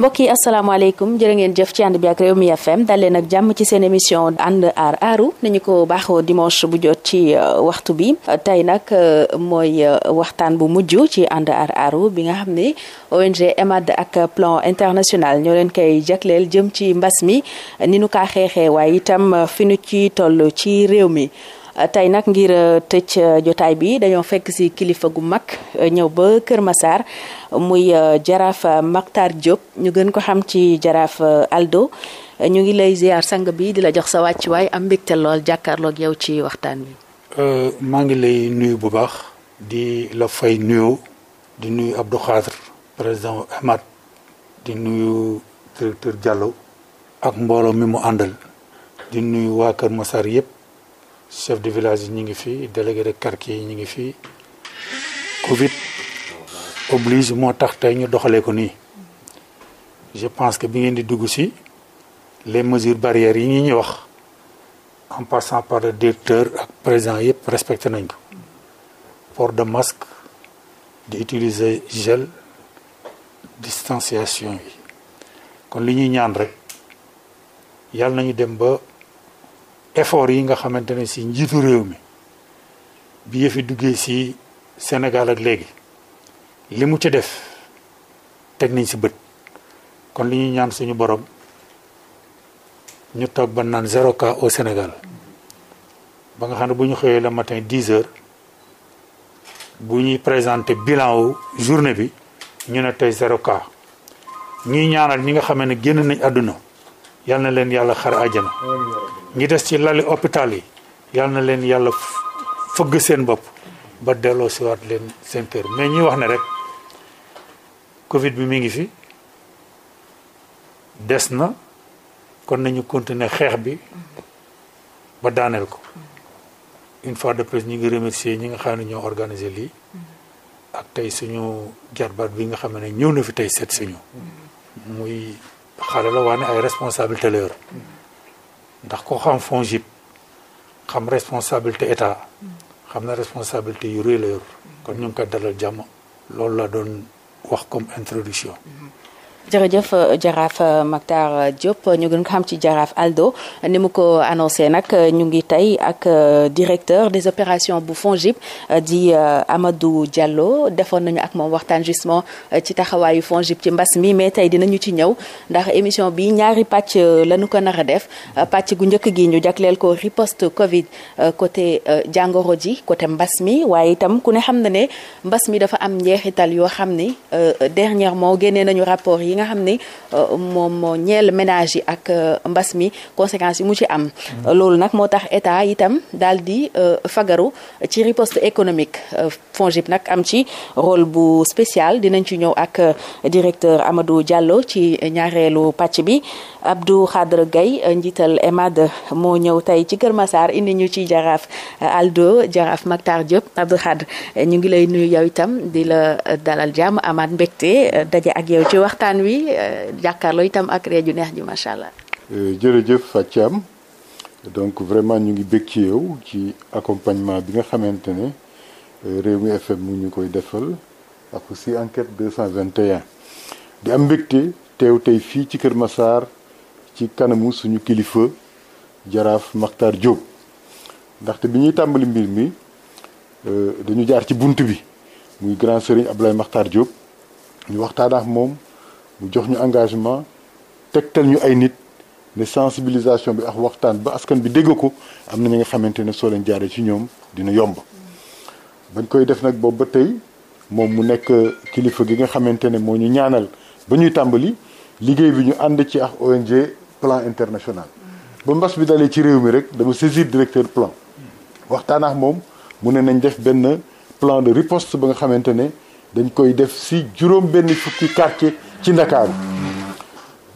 mbokk yi asalaamaaleykum jërë ngeen jëf ci ànd bi ak réew mi FM dalee nag jàmm ci seen émission ànd aar aaru nañu ko baaxoo dimanche bu jot ci euh, waxtu bi tey nag euh, mooy euh, waxtaan bu mujj ci ànd aar aaru bi nga xam ne ONG mad ak plan international ñoo leen koy jagleel jëm ci mbas mi ni nu kaa xeexee waaye itam fi nu ci toll ci réew mi. tey nag ngir euh, tëj euh, jotaay bi dañoo fekk ci kilifa gu mag euh, ñëw ba Kër masaar muy jaraaf Makhtar Diop ñu gën ko xam ci jaraaf Aldo ñu ngi lay ziar sang bi di la jox sa wàccuwaay am mbégte lool jàkkaarloog yow ci waxtaan bi. maa ngi lay nuyu bu baax di la fay nuyu di nuyu Abdou Khadre président Ahmad di nuyu directeur Diallo ak mbooloo mi mu àndal di nuyu waa Kër Massar yëpp. chef de village yi ñu ngi fii délégué de quartier yi ñu ngi fii Covid oblige moo tax tey ñu doxalee ko nii je pense que bi ngeen di dugg si les mesures barrières yi ñu ñuy wax en passant par le directeur ak président yëpp respecté nañ ko port de mask di utiliser gel distanciation yi kon li ñuy ñaan rek yàlla nañu dem ba. effort yi nga xamante ne si njiitu réew mi bi yëfi duggee si Sénégal ak léegi li mu ci def teg nañ si bët kon li ñuy ñaan suñu boroom ñu toog ba naan zéro cas au Sénégal ba nga xam ne bu ñu xëyee la matin dix heures bu ñuy présenter bilan wu journée bi ñu ne tey zéro cas ñuy ñaanal ñi nga xam ne génn nañ àdduna yal na leen yàlla xar àjjana ñi des ci lali hôpital yi yal na leen yàlla fëgg seen bopp ba delloo siwaat leen seen kër mais ñuy wax ne rek covid bi mi ngi fi des na kon nañu continuer xeex bi ba daaneel ko une fois de plus ñi ngi remercier ñi nga xam ne ñoo organiser lii ak tey suñu jarbaat bi nga xam ne ñëw na fi tey seet suñu muy xale la waane ay responsabilité la yor ndax ko xam FONGIP xam responsabilité état xam na responsabilité yu rëy la yor kon ñu ngi koy dalal jàmm loolu la doon wax comme introduction jërëjëf euh, jaraaf euh, Mactar euh, Diop ñu gën ko xam ci jaraaf Aldo ni mu ko annoncé nag ñu ngi tey ak directeur des opérations bu FONGIP di Amadou jàlloo defoon nañu ak moom waxtaan justement ci taxawaayu FONGIP ci mbas mi mais tey dinañu ci ñëw ndax émission bi ñaari pàcc lañu ko nar def pàcc gu njëkk gi ñu jagleel ko riposte Covid côté jàngoro ji côté mbas mi waaye itam ku ne xam na ne mbas mi dafa am njeexital yoo xam ni dernièrement génnee nañu rapport nga xam ni euh, moom moo ñeel ménage yi ak euh, mbas mi conséquences yi mu ci am mm-hmm. loolu nag moo tax état itam daal di euh, fagaru ci riposte économique FONGIP nag am ci rôle bu spéciale dinañ ci ñëw ak directeur Amadou Diallo ci ñaareelu pàcc bi Abdou Khadre Gaye euh, njiital EMAD moo ñëw tey ci Kër Massar indi ñu ci jaraaf euh, Aldo jaraaf Mactar jëpp Abdou Khadre euh, ñu ngi lay nuyu yow itam di la dalal jàmm amaat mbégte daje ak yow ci waxtaan wi jàkkaarloo itam ak rajo neex ji macha allah. jërëjëf Fathiam donc vraiment ñu ngi bég ci ci accompagnement bi nga xamante ne Rewmi FM mu ñu koy defal am mbégte teew tey fii ci Kër Massar. ci kanamu suñu kilifa jaraaf maxtar jóg ndaxte bi ñuy tàmbali mbir mi euh, dañu jaar ci bunt bi muy grand sëriñ Abdoulaye Makhtar Diop ñu waxtaan moom mu jox ñu engagement tegtal ñu ay nit ne sensibilisation bi ak waxtaan ba askan bi dégg ko am na ñi nga xamante ne soo leen jaaree ci ñoom dina yomb bañ koy def nag boobu ba tey moom mu nekk kilifa gi nga xamante ne moo ñu ñaanal ba ñuy tàmbali liggéey bi ñu ànd ci ak ONG plan international ba mbas bi dalee ci réew mi rek dama saisir directeur plan waxtaan ak moom mu ne nañ def benn plan de riposte ba nga xamante ne dañ koy def si juróom benn fukki quartier ci Ndakaaru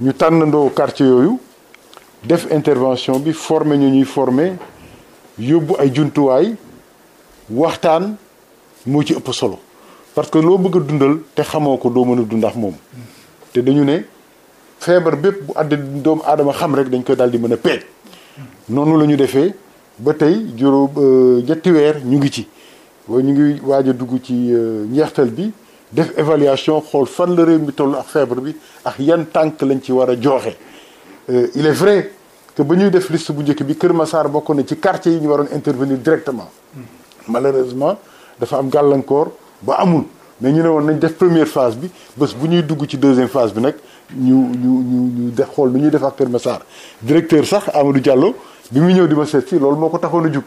ñu tànnandoo quartier yooyu def intervention bi former ñu ñuy former yóbbu ay jumtuwaay waxtaan moo ci ëpp solo parce que loo bëgg dundal te xamoo ko doo mën a dundax moom te dañu ne feebar bépp bu àddina doomu aadama xam rek dañ koy daal di mën a peej noonu la ñu defee ba tey juróom euh, ñetti weer ñu ngi ci wa ñu ngi waaj a dugg ci euh, njeextal bi def évaluation xool fan la réew mi toll ak feebar bi ak yan tànk lañ ci war a jooxe euh, il est vrai que ba ñuy def liste bu njëkk bi Kër masaar bokkoon na ci quartier yi ñu waroon intervenir directement hmm. malheureusement dafa am gàllankoor ba amul mais ñu ne woon nañ def première phase bi bës bu ñuy dugg ci deuxième phase bi nag ñu ñu ñu xool nu ñuy def ak Kër Massar directeur sax du Diallo bi mu ñëw di ma seet si loolu moo ko taxoon a jug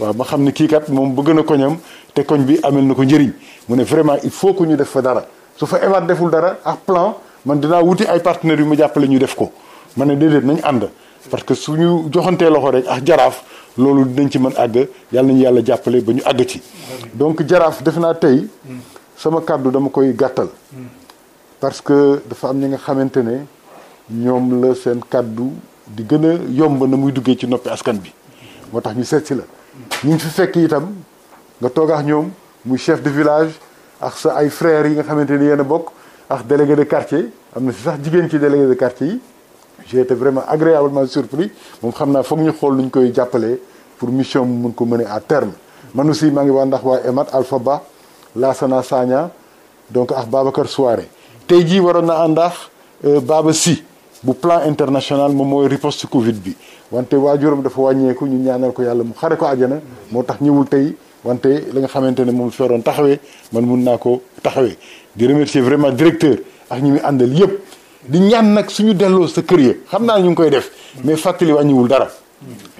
waaw ma xam ne kii kat moom bëgg na koñam te koñ bi amel na ko njëriñ mu ne vraiment il faut que ñu def fa dara su fa émat deful dara ak plan man dinaa wuti ay partenaires yu ma jàppale ñu def ko ma ne déedéet nañu ànd parce que suñu joxantee loxo rek ak jaraaf loolu dinañ ci mën àgg yàlla nañu yàlla jàppale ba ñu àgg ci sama kàddu dama koy gàttal parce que dafa am ñi nga xamante ne ñoom la seen kàddu di gën a yomb na muy duggee ci noppi askan bi moo tax ñu seet si la ñu ngi fi fekk itam nga toog ak ñoom muy chef de village ak sa ay frères yi nga xamante ni yéen a bokk ak délégué de quartier am na si sax jigéen ci délégué de quartier yi j'ai été vraiment ma surpris moom xam naa foog ñu xool lu ñu koy jàppalee pour mission mu mun ko mëne à terme man si maa ngi waa ndax waa EMAT Alpha Ba Lassana Sagna donc ak Babacar Souaré tey jii waroon na ànd ak euh, Baba bu plan international moom mooy riposte Covid bi wante waajuram dafa wàññeeku ñu ñaanal ko yàlla mu xare ko àjjana moo tax ñëwul tey wante la nga xamante ne moom fi taxawee man mun naa ko taxawee di remercier vraiment directeur ak ñi muy àndal yëpp di ñaan nag suñu delloo sa kër ya xam naa ñu ngi koy def mais fàttali wàññiwul dara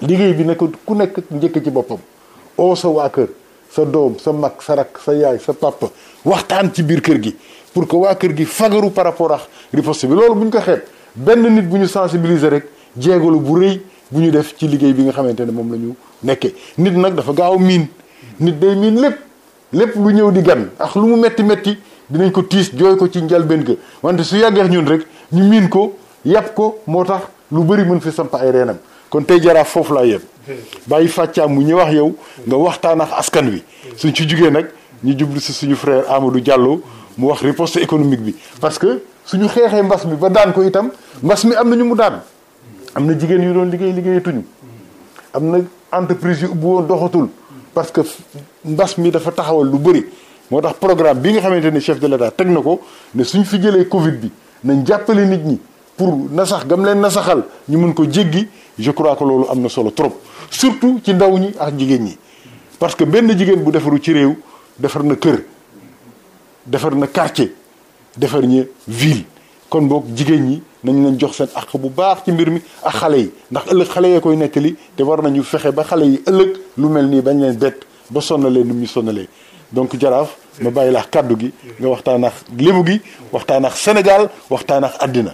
liggéey bi nag ku nekk njëkk ci boppam oo sa waa kër sa doom sa mag sa rak sa yaay sa papa waxtaan ci biir kër gi pour que waa kër gi fagaru par rapport ak riposte bi loolu bu ñu ko xeeb benn nit bu ñu sensibiliser rek jéegalu bu rëy bu ñu def ci liggéey bi nga xamante ne moom la ñu nekkee nit nag dafa gaaw miin nit day miin lépp lépp lu ñëw di gan ak lu mu metti metti dinañ ko tiis jooy ko ci njalbeen ga wante su yàggee ñun rek ñu miin ko yàpp ko moo tax lu bëri mën fi samp ay reenam kon tey jaraaf foofu laa yem bàyyi fàccaam mu ñu wax yow nga waxtaan ak askan wi suñ ci jugee nag ñu jublu si suñu frère Amadou jàlloo mu wax riposte économique bi parce que suñu xeexee mbas mi ba daan ko itam mbas mi am na ñu mu daan am na jigéen yu doon liggéey liggéeyatuñu am na entreprise yu ubbi woon doxatul parce que mbas mi dafa taxawal lu bëri moo tax programme bi nga xamante ni chef de l'État teg na ko ne suñ fi jëlee Covid bi nañ jàppale nit ñi pour nasax gam leen nasaxal ñu mën ko jéggi je crois que loolu am na solo trop surtout ci ndaw ñi ak jigéen ñi parce que benn jigéen bu defaru ci réew defar na kër defar na quartier defar ñi ville kon boog jigéen ñi nañ leen jox seen àq bu baax ci mbir mi ak xale yi ndax ëllëg xale yee koy nekk li te war nañu fexe ba xale yi ëllëg lu mel nii bañ leen bett ba sonnalee nu mu ñu sonnalee donc jaraaf ma bàyyi laax kàddu gi nga waxtaan ak lébu gi waxtaan Sénégal waxtaan ak àddina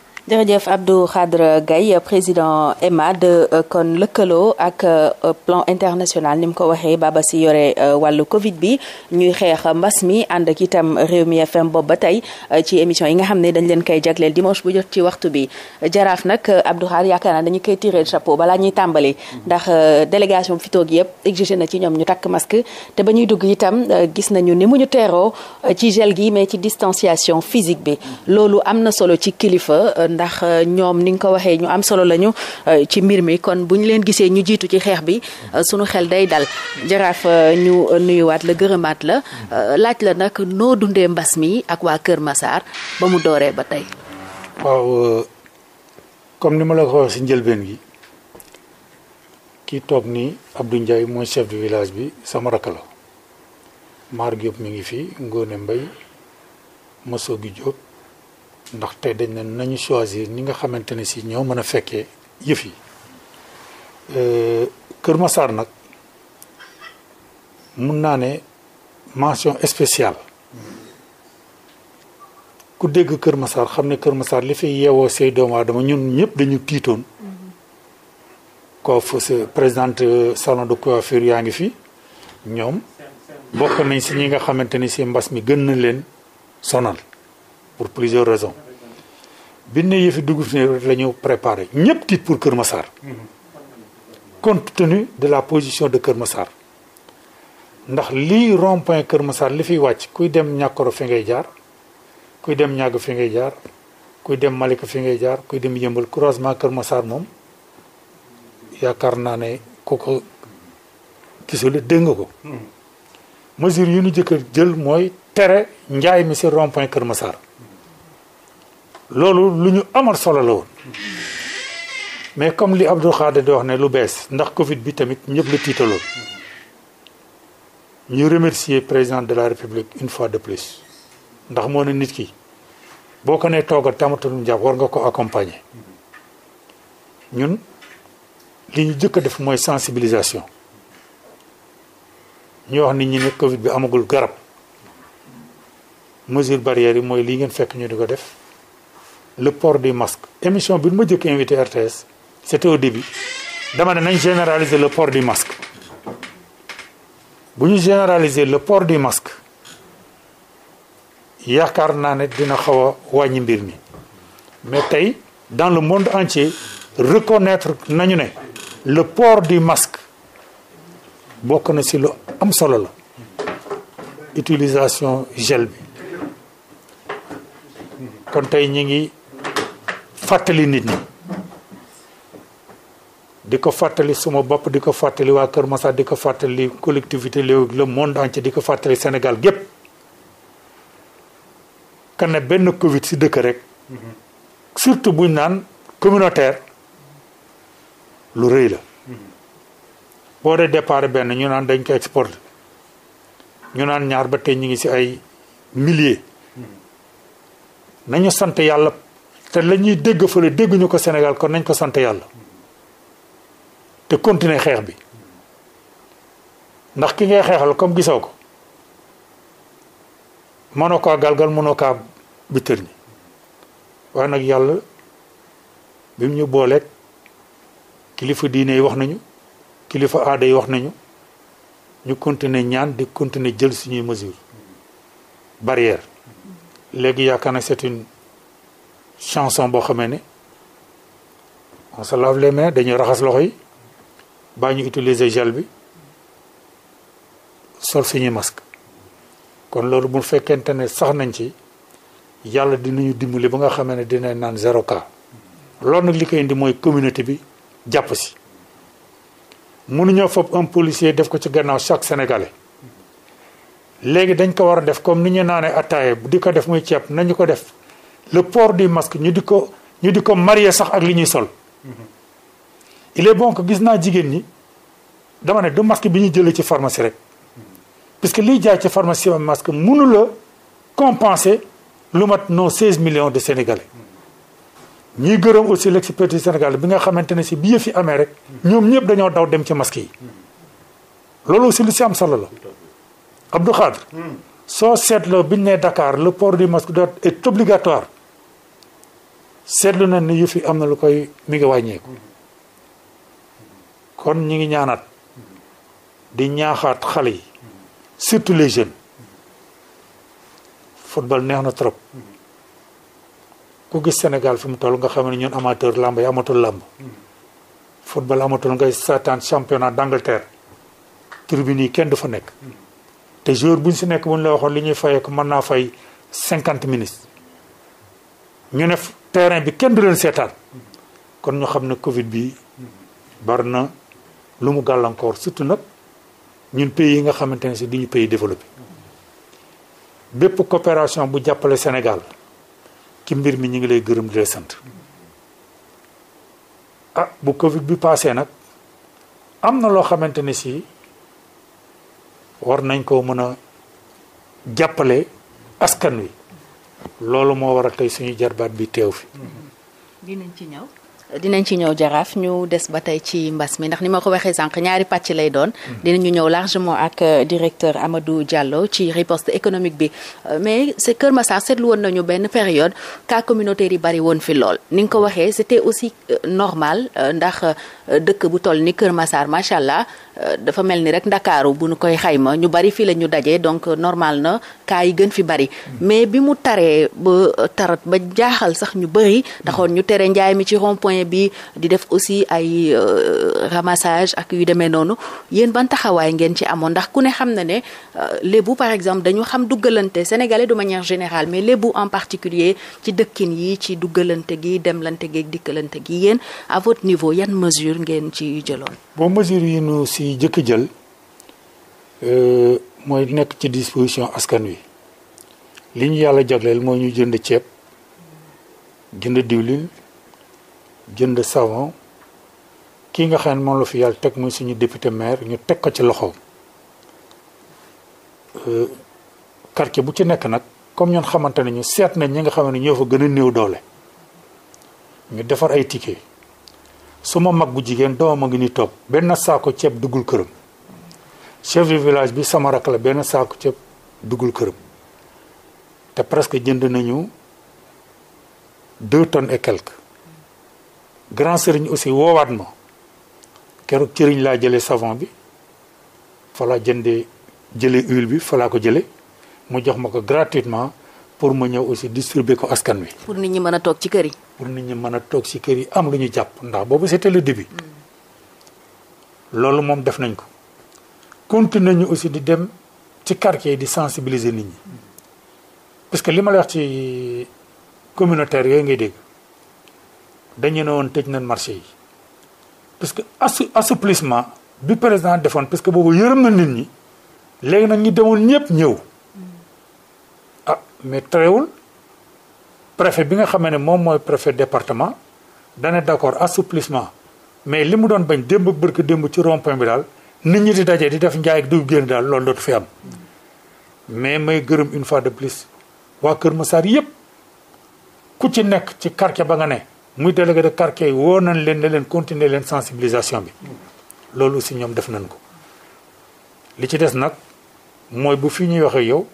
jërëjëf Abdou Khadre gay président EMAD euh, kon lëkkaloo ak euh, plan international ni mu ko waxee baba si yore euh, wàllu Covid bi ñuy xeex mbas mi ànd ak itam réew Rewmi FM boobu ba tey ci émission yi nga xam ne dañ leen koy jagleel dimanche bu jot ci waxtu bi jaraaf nag Abdou Khadre yaakaar naa dañu koy tiré chapeau balaa ñuy tàmbali ndax délégation bi fi toog yëpp exigé na ci ñoom ñu takk masque te ba ñuy dugg itam gis nañu ni mu ñu teeroo ci gel gi mais ci distanciation physique bi loolu am na solo ci kilifa. ndax euh, ñoom ni nga ko waxee ñu am solo lañu euh, ci mbir mi kon bu ñu leen gisee ñu jiitu ci xeex bi euh, suñu xel day dal jaraaf ñu nuyuwaat la gërëmaat la laaj la nag noo dundee mbas mi ak waa Kër Massar ba mu dooree ba tey. waaw comme ni ma la ko wax si njëlbeen gi kii toog ni Abdou Ndiaye mooy chef village bi sama rakk la Mar Diop mi ngi fi Ngone Mbaye Masso gi Diop. ndax te dañ ne nañu choisir ñi nga xamante ne si ñoo mën a fekkee yëf euh, Kër Massar nag mun naa ne mention spéciale ku dégg Kër Massar xam ne Kër Massar li fi yeewoo say doomu aadama ñun ñëpp dañu tiitoon koof présidente salon de coiffure yaa ngi fi ñoom bokk nañ si ñi nga xamante ni si mbas mi gën na leen sonal pour plusieurs raisons bi ne yëfi dugub fi ne la ñu préparé ñëpp tiit pour Kër Massar compte tenu de la position de Kër Massar ndax lii rond Kër Massar li fiy wàcc kuy dem ñàkkoro fi ngay jaar kuy dem ñàgg fi ngay jaar kuy dem Malika fi ngay jaar kuy dem yëmbal croisement Kër masaar moom yaakaar naa ne ku ko gisule dégg ko hmm. mesure yu ñu jëkk jël mooy tere njaay mi ci rond Kër Massar loolu lu ñu amal solo la woon mais comme li Abdou Khadre di wax ne lu bees ndax Covid bi tamit ñëpp la tiitaloon ñu remercier président de la république une fois de plus ndax moo ne nit ki boo ko nee toogal tamatul jàpp war nga ko accompagner ñun li ñu jëkk a def mooy sensibilisation ñu wax nit ñi ne Covid bi amagul garab mesure barrière yi mooy lii ngeen fekk ñu di ko def. le port du mask émission bi ma jëkk invité RTS c'était au bi dama ne nañ généraliser le port du masque bu ñu généraliser le port du masque yaakaar naa ne dina xaw a wàññi mbir mi mais tey dans le monde entier reconnaître nañu ne le port du mask bokk na si lu am solo la utilisation gel bi kon tey ñi ngi fàttali nit ñi di ko fàttali suma bopp di ko fàttali waa Kër Massar di ko fàttali collectivité léegi le monde entier di ko fàttali Sénégal gépp kan ne benn Covid si dëkk rek surtout buñ naan communautaire lu rëy la boo dee départ benn ñu naan dañ ko exporté ñu naan ñaar ba tey ñu ngi si ay milliers hmm. nañu sant yàlla te la ñuy dégg fële dégguñu ko Sénégal kon nañ ko sant yàlla te continuer xeex bi ndax ki ngay xeexal comme gisoo ko mënoo kaa galgal mënoo kaa bitir ñi nag yàlla bi ñu booleeg kilifa diine wax nañu kilifa aada yi wax nañu ñu continuer ñaan di continuer jël suñuy mesures barrières léegi yaakaar na c'est chanson boo xamee ne on se lave les dañuy raxas loxo yi baa ñu utiliser gel bi sol suñuy mask kon loolu bu fekkente ne sax nañ ci yàlla dinañu dimbali ba nga xamee ne dina naan zéro cas loolu nag li koy indi mooy communauté bi jàpp si munu mënuñoo fopp un policier def ko ci gannaaw chaque sénégalais léegi dañ ko war a def comme ni ñu naanee attaaye di ko def muy ceeb nañu ko def le port du masque ñu di ko ñu di ko marier sax ak li ñuy sol mhm. il est bon que gis naa jigéen ñi dama ne du masque bi ñu jëlee ci pharmacie rek mhm. parce que liy jaay ci pharmacie ma masque mënu la compenser lu mat nos 16 million de sénégalais mhm. ñuy gërëm aussi l'expertise sénégal bi nga xamante ne si bi yëf yi amee rek ñoom ñëpp dañoo daw dem ci masque yi loolu aussi lu si am solo la Abdou Khadre soo seetloo biñ ne dakaar le port du masque doit est obligatoire seetlu na ni yu fi am na lu koy mi ngi wàññeeku kon ñi ngi ñaanaat di ñaaxaat xale yi surtout les jeunes football neex na trop ku gis Sénégal fi mu toll nga xam ne ñun amateur làmb yi amatul làmb football amatul ngay seetaan championnat d'Angleterre tribune yi kenn du fa nekk te joueur buñ si nekk buñ la waxoon li ñuy fayeeku mën naa fay cinquante minutes ñu ne terrain bi kenn du leen seetaan kon ñu xam ne Covid bi bari na lu mu gàllankoor surtout nag ñun pays yi nga xamante ne si du ñu pays développé bépp coopération bu jàppale Sénégal ci mbir mi ñu ngi lay gërëm di lay sant ah bu Covid bi passé nag am na loo xamante ne si war nañ koo mën a jàppale askan wi. loolu moo war a tey suñu jarbaat bi teew fi. dinañ dinañ ci ñëw jaraaf ñu des ba tey ci mbas mi ndax ni ma ko waxee sànq ñaari pàcc lay doon. dinañu ñëw largement ak euh, directeur Amadou Diallo ci riposte économique bi euh, mais c'est Kër Massar seetlu woon nañu benn période cas communautaire yi bari woon fi lool. ni nga ko waxee c'était aussi euh, normal ndax dëkk bu toll ni Kër Massar macha allah dafa mel ni rek ndakaaru bu nu koy xayma ñu bari fii la ñu dajee donc normal na cas yi gën fi bari. Mm. mais bi mu taree ba tarat ba jaaxal sax ñu bari. terrain bi di def aussi ay euh, ramassage ak yu demee noonu yéen ban taxawaay ngeen ci amoon ndax ku ne xam na ne euh, lébu par exemple dañu xam duggalante sénégalais du manière général mais lébu en particulier ci dëkkin yi ci duggalante gi demlante gi dikkalante gi yéen à votre niveau yan mesure ngeen ci jëloon. bon mesure yi nu si jëkk jël euh, mooy nekk ci disposition askan wi li ñu yàlla jagleel mooy ñu jënd ceeb jënd diwlin jënd savon kii nga xam ne moom la fi yàlla teg muy suñu député maire ñu teg ko ci loxoom euh, quartier bu ci nekk nag comme ñun xamante ne ñu seet nañ ñi nga xam ne ñoo fa gën a néew doole ñu defar ay ticket su ma mag bu jigéen doom a ngi ni toog benn saako ceeb duggul këram chef village bi sama rakk la benn saako ceeb duggul këram te presque jënd nañu deux tonnes et quelques grand sëriñ aussi woowaat ma keroog cëriñ laa jëlee savon bi fa laa jëndee jëlee huile bi fa ko jëlee mu jox ma ko gratuitement pour mu ñëw aussi distribuer ko askan wi. pour nit ñi mën a toog ci kër yi. pour nit ñi mën a toog ci kër yi am lu ñu jàpp ndax boobu c'était le début. Mm. loolu moom def nañ ko. continuer nañu aussi di dem ci quartier yi di sensibiliser nit ñi mm. parce que li ma la wax ci communautaire yooyu ngay dégg. dañu ne woon tëj nañ marché yi parce que assouplissement bi président defoon parce que boobu yërëm na nit ñi léegi nag ñi demoon ñëpp ñëw a ah, mais terewul préfet bi nga xamee ne moom mooy préfet département dane d'accord assouplissement mais li mu doon bañ démb bërk démb ci rond bi daal nit ñi di dajee di def njaay ak diw génn daal loolu dootu fi am mais may gërëm une fois de plus waa Kër Massar yëpp ku ci nekk ci quartier ba nga ne muy délégué de quartier yi woo nañ leen ne leen continuer leen sensibilisation bi loolu aussi ñoom def nañ ko li ci des nag mooy bu fi ñuy waxee yow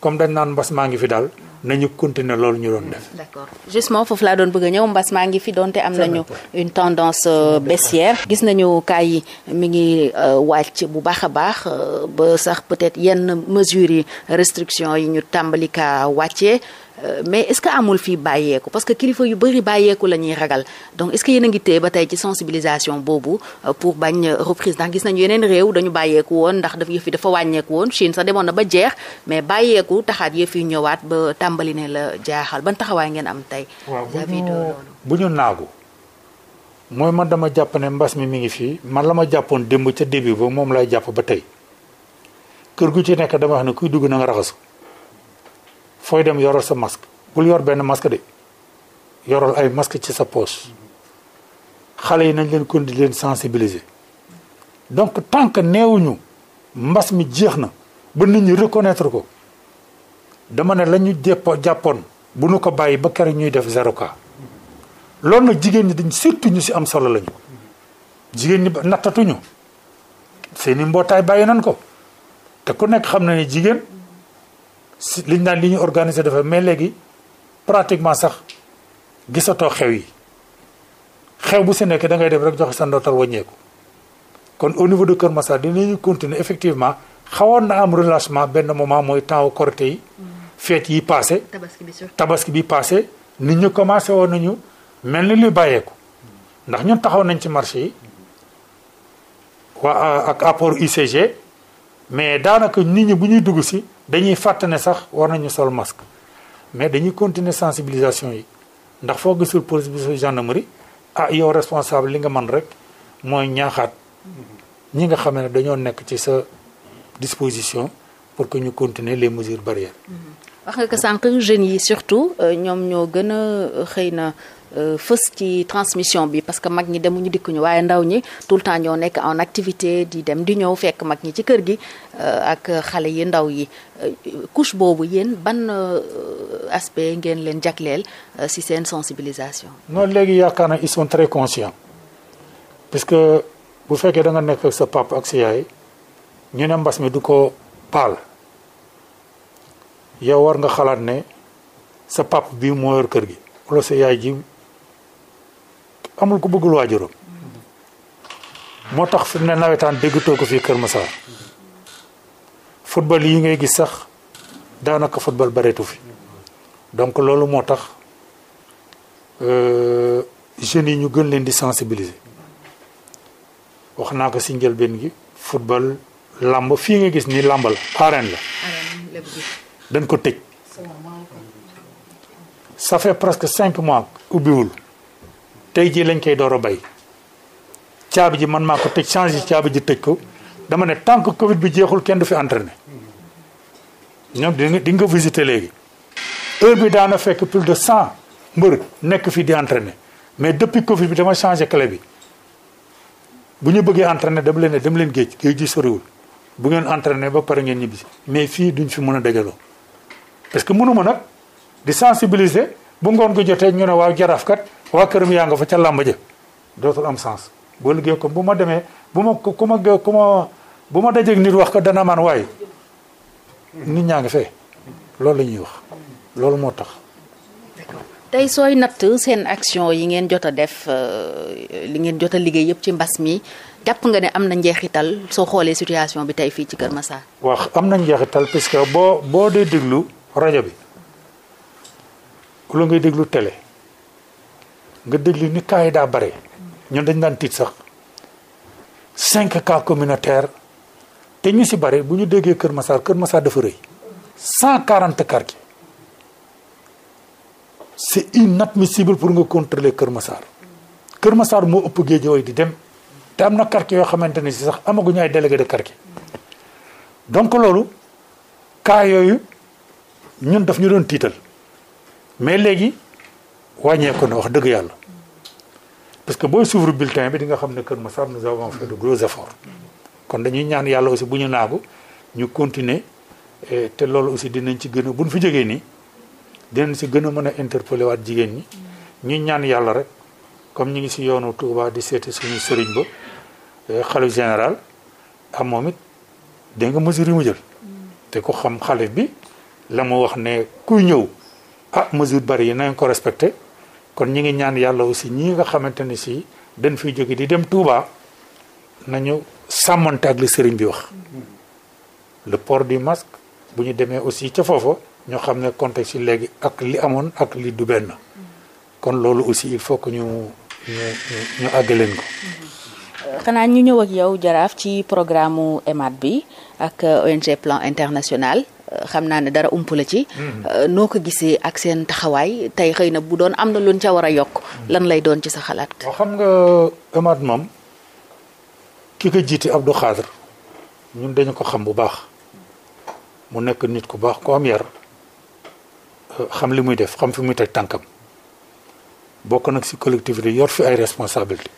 comme dañ naan mbas maa ngi fi daal nañu continuer loolu ñu doon def. d'accord justement foofu laa doon bëgg a ñëw mbas maa ngi fi donte am nañu une tendance euh, baissière. gis nañu kaay yi mi ngi euh, wàcc bu baax a baax euh, ba sax peut-être yenn mesures yi restriction yi ñu tàmbali kaa wàccee. Euh, mais est-ce que amul fii bàyyeeku parce que kilifa yu bëri bàyyeeku la ñuy ragal donc est-ce que yéen a ngi téye ba tey ci sensibilisation boobu euh, pour bañ euh, reprise ndax gis nañu yeneen réew dañu bàyyeeku woon ndax daf yëf yi dafa wàññeeku woon Chine sax demoon ba jeex mais bàyyeeku taxaat yëf yi ñëwaat ba tàmbali ne la jaaxal ban taxawaay ngeen am tey. waaw bu ñu bu ñu naagu. mooy man dama jàpp ne mbas mi mi ngi fii man la ma jàppoon démb ca début ba moom lay jàpp ba tey kër gu ci nekk dama wax ne kuy dugg na nga raxasu fooy dem yoral sa masque bul yor benn masque de yoral ay masque ci sa poche xale yi nañ leen kon di leen sensibiliser donc tant que neewuñu mbas mi jeex na ba nit ñi reconnaître ko dama ne la ñu jéppo jàppoon bu nu ko bàyyi ba keroog ñuy def zéro cas loolu nag jigéen ñi dañ surtout ñu si am solo lañu jigéen ñi nattatuñu seeni mbootaay bàyyi nañ ko te ku nekk xam na ne jigéen si liñ naan li ñu organisé dafa mais léegi pratiquement sax gisatoo xew yi xew bu si nekk da ngay def rek joxe sa ndootal wàññeeku kon au niveau de Kër Massar dinañu continuer effectivement xawoon na am relâchement benn moment mooy temps Korite yi. fête yi passé tabaski bi tabaski bi nit ñu commencé woon nañu mel ni luy bàyyeeku ndax ñun taxaw nañ ci marché yi waa ak apport UCG mais daanaka nit ñi bu ñuy dugg si. dañuy fàtte ne sax war nañu sol masque mais dañuy continuer sensibilisation yi ndax foo gisul police bi gendarmerie ah yow responsable li nga man rek mooy ñaaxaat ñi nga xam ne dañoo nekk ci sa disposition pour que ñu continuer les mesures barrières. wax nga ko sànq jeunes yi surtout euh, ñoom ñoo gën xëy na. Euh, fës ci transmission bi parce que mag ñi demuñu dikkuñu waaye ndaw ñi tout le temps ñoo nekk en activité di dem di ñëw fekk mag ñi ci kër gi euh, ak xale yi ndaw yi euh, couche boobu yéen ban aspect ngeen leen jagleel si seen sensibilisation. non léegi yaakaar na ils sont très conscients parce que bu fekkee da nga nekk sa papa ak sa yaay ñu ne mbas mi du ko paal yow war nga xalaat ne sa pap bi moo yor kër gi wala sa yaay ji. amul ku bëggul waajuram moo tax fi mu ne nawetaan déggatoo ko fii Kër Massar football yi ngay gis sax daanaka football bareetu fi donc loolu moo tax euh, jeunes yi ñu gën leen di sensibiliser wax naa ko si njëlbeen gi football làmb fii nga gis ni làmbal la la dañ ko tëj ça fait presque cinq mois ubbiwul tey jii lañ koy door a bay caabi ji man maa ko tëj changé caabi ji tëj ko dama ne tant que Covid bi jeexul kenn du fi entraîné ñoom di nga di nga visité léegi heure bi daana fekk plus de cent mbër nekk fii di entrene mais depuis Covid bi dama changé clé bi bu ñu bëggee entrene dama leen ne dem leen géej géej ji soriwul bu ngeen entraîné ba pare ngeen ñibbi si mais fii duñ fi mën a dajaloo parce que mënuma nag di sensibiliser bu ngoon ko jotee ñu ne waaw jaraaf kat waa këram yaa nga fa ca làmb ja dootul am sens boo liggéey ko bu ma demee bu ma ku ma ku ma bu ma dajeeg nit wax ko dana man waaye nit ñaa ngi fee loolu la ñuy wax loolu moo tax tey sooy natt seen action yi ngeen jot a def euh, li ngeen jot a liggéey yëpp ci mbas mi jàpp nga ne am na njeexital soo xoolee situation bi tey fii ci Kër Massar. wax am na njeexital parce que boo boo dee déglu rajo bi lu ngay déglu télé nga déglu ni cas yi daa bare ñun dañ daan tiit sax cinq cas communautaire te ñu si bare bu ñu déggee Kër masaar Kër Massar dafa rëy cent quarante quartiers c'est missible pour nga contrôler Kër Massar Kër masaar moo ëpp Guédiawaye di dem te am na quartier yoo xamante ne si sax amaguñu ay délégué de quartier donc loolu cas yooyu ñun daf ñu doon tiital mais léegi wàññeeku na wax dëgg yàlla parce que booy suivre bulletin bi di nga xam ne Kër Massar nous avons fait de gros efforts kon dañuy ñaan yàlla aussi bu ñu naagu ñu continuer eh, te loolu aussi dinañ ci gën a buñ fi jegee nii dinañ si gën a mën a interpeller waat jigéen ñi ñu ñaan yàlla rek comme ñu ngi si yoonu Touba di seeti suñu sëriñ ba eh, xalif général am ah, moom it dégg nga mesure yi mu jël te ko xam xalif bi la mu wax ne ku ñëw ah mesure bari yi nañ ko respecté kon ñi ngi ñaan yàlla aussi ñi nga xamante ne si dañ fiy jóge di dem Touba nañu sàmmante ak li sëriñ bi wax le port du masque bu ñu demee aussi ca foofu ñoo xam ne contexte yi léegi ak li amoon ak li du benn kon loolu aussi il faut que ñu ñu ñu àggaleen ko xanaa ñu ñëw ak yow jaraaf ci programme EMAD bi ak euh, ONG Plan International xam naa ne dara umpale ci. Mhm. Euh, noo ko gisee ak seen taxawaay tey xëy na bu doon am na luñ ca war a yokk. Mhm. lan lay doon ci sa xalaat. xam nga Amath moom ki ko jiite Abdou Khadre ñun dañu ko xam bu baax mu nekk nit ku baax ku am yar euh, xam li muy def xam fi muy teg tànkam bokk nag ci collectivité yor fi ay responsabilité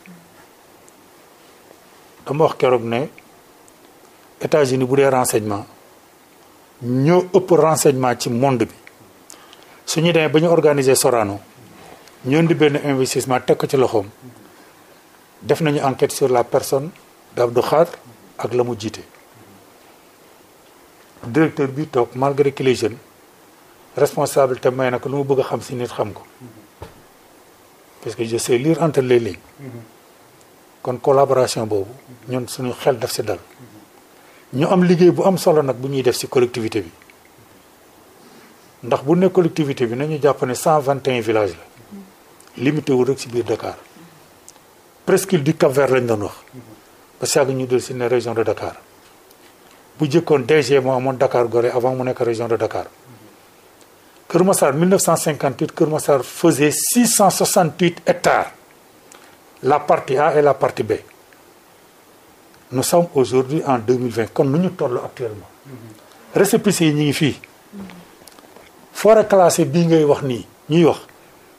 dama wax keroog ne États-Unis bu dee renseignement. ñoo ëpp renseignement ci monde bi su ñu demee ba ñu organiser Sorano ñoo di benn investissement teg ko ci loxoom def nañu enquête sur la personne d'Abdou Khadr ak la mu jiite directeur bi toog malgré qu'il est jeune responsabilité may na ko lu mu bëgg xam si nit xam ko parce que je sais liir entre les lignes mm-hmm. kon collaboration boobu ñun suñu xel daf si dal ñu am liggéey bu am solo nag bu ñuy def ci collectivité bi ndax bu ne collectivité bi nañu jàpp ne 121 villages la limité wu rek ci biir Dakar presqu'île du Cap-Vert lañ doon wax ba sàgg ñu dul ci ne région de Dakar bu jëkkoon DG moo amoon dakaar gore avant mu nekk région de Dakar Kër Massar 1958 Kër Massar faisait 668 hectares la partie A et la partie B. nous sommes aujourd'hui en 2020 kon nu ñu tollu actuellement mm-hmm. récépissé yi ñu ngi fii forêt classée bii ngay wax nii ñuy wax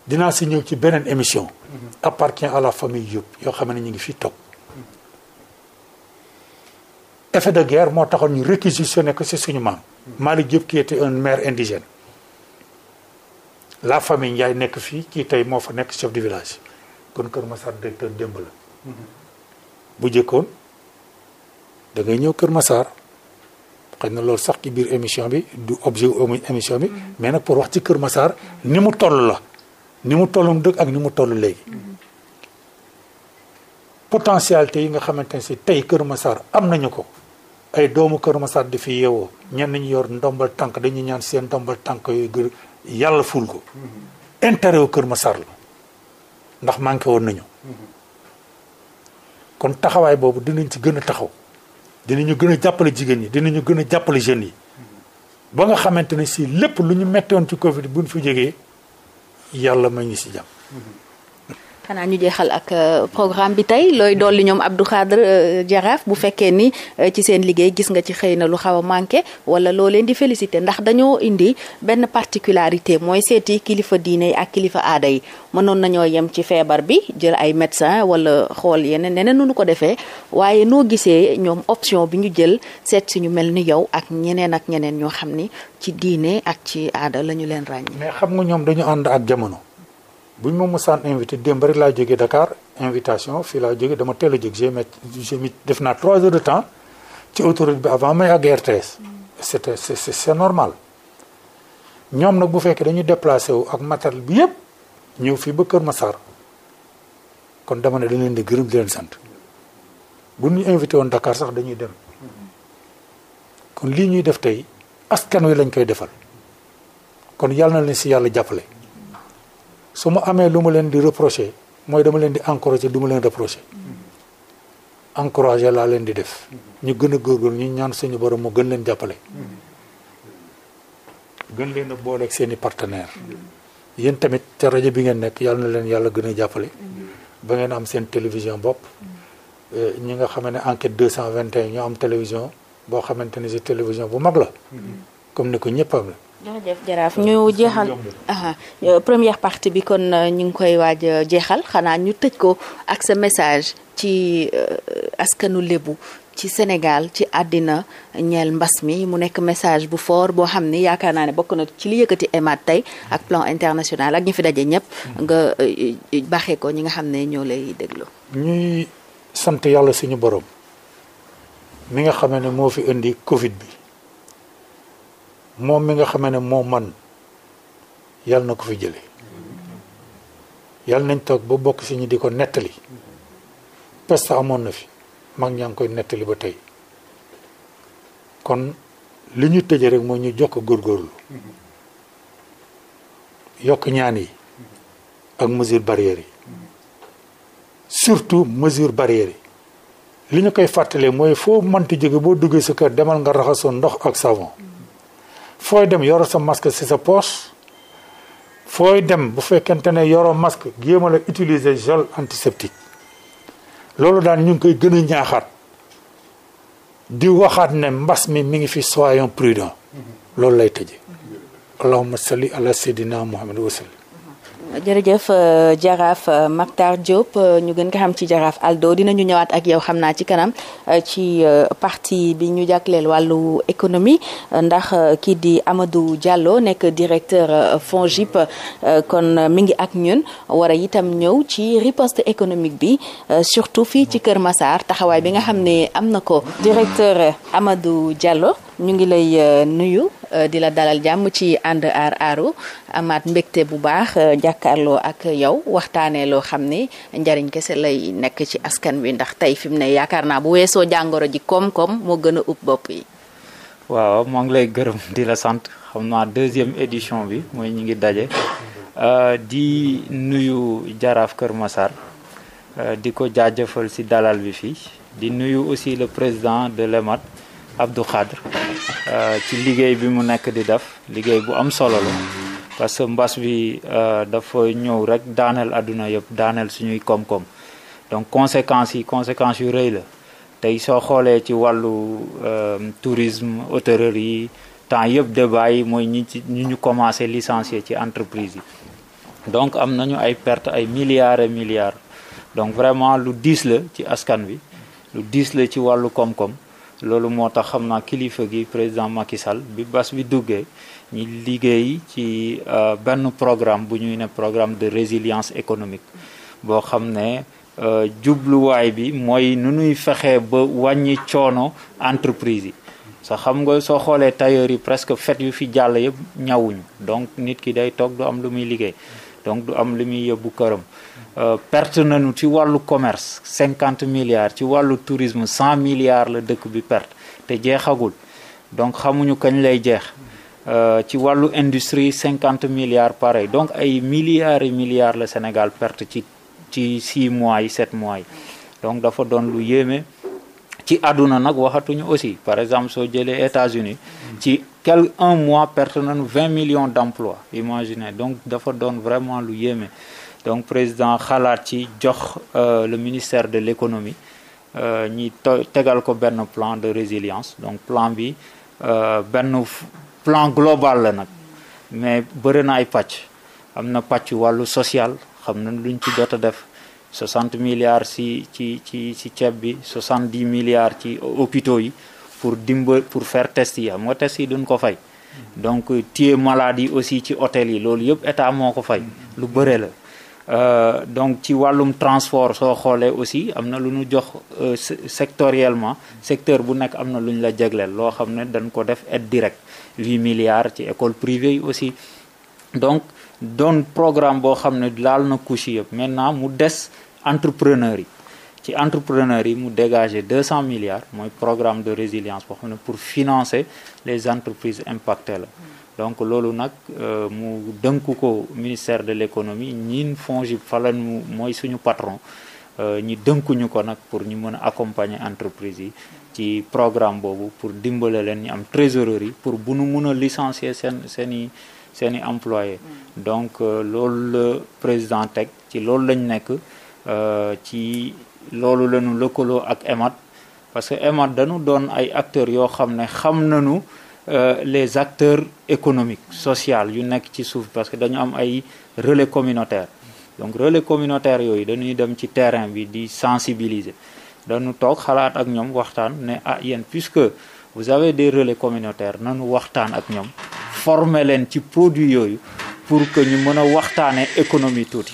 dinaa si ñëw ci beneen émission mm-hmm. appartient à la famille Diop yoo xam ne ñu ngi fii toog mm-hmm. effet de guerre moo taxoon ñu réquisitionné ko si suñu maam Malick Diop qui était un maire indigène la famille Ndiaye nekk fii kii tey moo fa nekk chef de village kon Kër Massar directeur démb la bu jëkkoon da ngay ñëw Kër masaar xëy na loolu sax ci biir émission bi du objet émission bi mm-hmm. mais nag pour wax ci Kër Massar ni mu toll la ni mu tollum dëkk ak ni mu tollu léegi mm-hmm. potentialité yi nga xamante ne si tey Kër Massar am nañu ko ay doomu Kër Massar di fi yeewoo ñenn nañu yor ndombal tànk dañuy ñaan seen ndombal tànk yooyu gër yàlla ful ko mm-hmm. intérêt wu Kër Massar la ndax manqué woon nañu kon taxawaay boobu dinañ ci gën a taxaw dinañu gën a jàppale jigéen ñi dinañu gën a jàppale jeunes yi ba nga xamante ne si lépp lu ñu mettoon ci Covid bu ñu fi jógee yàlla may ñu si jàpp. xanaa ñu jeexal ak euh, programme bi tey looy dolli ñoom Abdou Khadre euh, Jaraaf bu fekkee ni euh, ci seen liggéey gis nga ci xëy na lu xaw a manqué wala loo leen di félicité ndax dañoo indi benn particularité mooy seeti kilifa diine yi ak kilifa aada yi mënoon nañoo yem ci feebar bi jël ay médecin wala xool yeneen neneen nu ñu ko defee waaye noo gisee ñoom option bi ñu jël seet si ñu mel ni yow ak ñeneen ak ñeneen ñoo xam ni ci diine ak ci aada lañu leen ràññee. mais xam nga ñoom dañu ànd ak jamono. bu ñu ma mosaan invité démb laa jógee Dakar invitation fii laa jógee dama teel a jóg j'ai def naa trois heures de temps ci autoroute bi avant may àgg RTS c'était c'est c'est normal ñoom bu fekkee dañu déplacé wu ak matériel bi yépp ñëw fii ba Kër Massar kon dama ne di gërëm di sant bu ñu invité woon dakaar sax dañuy dem kon lii ñuy def tey askan wi lañ koy defal kon yàlla na leen si yàlla jàppale. su ma amee lu ma leen di reprocher mooy dama leen di encourager du ma leen reprocher encourager laa leen di def ñu gën a góorgóorlu ñu ñaan suñu borom mu gën leen jàppale gën leen a booleeg seen i partenaire yéen tamit ca rajo bi ngeen nekk yàlla leen yàlla gën a jàppale ba ngeen am seen télévision bopp eh, ñi nga xam ne enquête 221 ñoo am télévision boo xamante ne si télévision bu mag la comme ni ko ñëpp am jërëjëf jaraaf ñu jeexal euh, première partie bi kon euh, ñu ngi koy waaj jeexal xanaa ñu tëj ko ak sa message ci euh, askanu lébu ci Sénégal ci àddina ñeel mbas mi mu nekk message bu foor boo xam ni yaakaar naa ne bokk na ci li yëkkati EMAD tey ak plan international ak ñu fi daje ñëpp nga baaxee ko ñi nga xam ne ñoo lay déglu. ñuy sant yàlla suñu borom mi nga xam ne moo fi indi Covid bi. moom mi nga xame ne moom man yàlla na ko fi jële yàlla nañ toog ba bokk si ñi di ko nettali peste amoon na fi mag ñaa ngi koy nettali ba tey kon li ñu tëjee rek mooy ñu jokk góorgóorlu yokk ñaan yi ak mesure barrière yi surtout mesure barrière yi li ñu koy fàttalee mooy foo mënti jóge boo duggee sa kër demal nga raxasoo ndox ak savon fooy dem yoro sa masque ci sa poche fooy dem bu fekkente ne yoroo masque jéemal la utiliser gel antiseptique loolu daal ñu ngi koy gën a ñaaxaat di waxaat ne mbas mi mi ngi fi soyons prudent mm-hmm. loolu lay tëje allahumma salli ala sayyidina muhammad wa sallim jërëjëf euh, jaraaf euh, Mactar Diop euh, ñu gën ko xam ci jaraaf Aldo dinañu ñëwaat ak yow xam naa ci kanam ci parti bi ñu jàkkleel wàllu économie ndax kii di Amadou Diallo nekk directeur FONGIP kon mi ngi ak ñun war a itam ñëw ci riposte économique bi surtout fii ci Kër Massar taxawaay bi nga xam ne am na ko directeur Amadou Diallo. ñu ngi lay euh, nuyu euh, di la dalal jàmm ci ànd aar aaru amaat mbégte bu baax euh, jàkkaarloo ak yow waxtaanee loo xam ni njariñ kese lay nekk ci askan wi ndax tey fi mu ne yaakaar naa bu weesoo jàngoro ji koom-koom moo gën a ub bopp yi. waaw moo ngi lay gërëm di la sant xam naa deuxième édition bi mooy ñu ngi daje di nuyu jaraaf Kër Massar di ko jaajëfal si dalal bi fii di nuyu aussi le président de l'EMAD Abdou Khadre euh, ci liggéey bi mu nekk di def liggéey bu am solo la parce que mbas bi euh, dafa ñëw rek daaneel àdduna yëpp daaneel suñuy koom-koom donc conséquences yi conséquences yu rëy la tey soo xoolee ci wàllu euh, tourisme hôtellerie yi temps yëpp débat yi mooy ñi ci ñi ñu commencé licencier ci entreprise yi donc am nañu ay perte ay milliards et donc vraiment lu diis la ci askan bi lu diis la ci wàllu koom-koom loolu moo tax xam naa kilifa gi président Macky Sall bi bas bi duggee ñi liggéey ci euh, benn programme bu ñuy ne programme de résilience économique boo xam ne euh, jubluwaay bi mooy nu ñuy fexee ba wàññi coono entreprise yi sa xam nga soo xoolee tailleur yi presque fet yu fi jàll yëpp ñawuñu donc nit ki day toog du am lu muy liggéey donc du am lu muy yóbbu këram Euh, perte nañu ci wàllu commerce cinquante milliards ci wàllu tourisme cent milliards la dëkk bi perte te jeexagul donc xamuñu kañ lay jeex euh, ci wàllu industrie cinquante milliards pareil donc ay milliards et milliards la Sénégal perte ci ci six mois yi sept mois yi donc dafa doon lu yéeme ci àdduna nag waxatuñu aussi par exemple soo jëlee États-Unis ci quel un mois perte nanu vingt millions d'emplois imaginez donc dafa doon vraiment lu yéeme donc président xalaat ci jox euh, le ministère de l'économie euh, ñi tegal ko benn plan de résilience donc plan bi euh, benn plan global la nag mais bëri na ay pàcc am na pàcc wàllu social xam na luñ ci jot a def 60 milliards ci ci ci ci ceeb bi 70 milliards ci hôpitaux yi pour dimba pour faire test yi am nga test yi duñ ko fay mm-hmm. donc téye malade yi aussi ci hôtel yi loolu yëpp état moo ko fay mm-hmm. lu bëre la Euh, donc ci wàllum transport soo xoolee aussi am na lu ñu jox euh, sectoriellement secteur bu nekk am na lu ñu la jagleel loo xam ne dañ ko def aide directe huit milliards ci école privée yi aussi donc doon programme boo xam ne laal na couche yëpp maintenant mu des entrepreneurs yi ci entrepreneurs yi mu dégager deux cent milliards mooy programme de résilience boo xam ne pour financer les entreprises impactées la donc loolu nag euh, mu dënku ko ministère de l'économie ñin FONGIP falan mu mooy suñu patron euh, ñi dënkuñu ko nag pour ñu mën a accompagner entreprise yi ci programme boobu pour dimbale leen ñu am yi pour bu nu mun a licencier seen seeni i seen i employé mm. donc euh, loolu la président teg ci loolu lañ nekk ci loolu lañu lëkkaloo ak EMAD parce que EMAD doon ay acteurs yoo xam ne xam nañu Euh, les acteurs économiques sociaux yu nekk ci suuf parce que dañu am ay relais communautaire donc relais communautaire yooyu dañuy dem ci terrain bi di sensibiliser dañu toog xalaat ak ñoom waxtaan ne ah yéen puisque vous avez des relais communautaires nañu waxtaan ak ñoom former leen ci produit yooyu pour que ñu mën a waxtaanee économie tuuti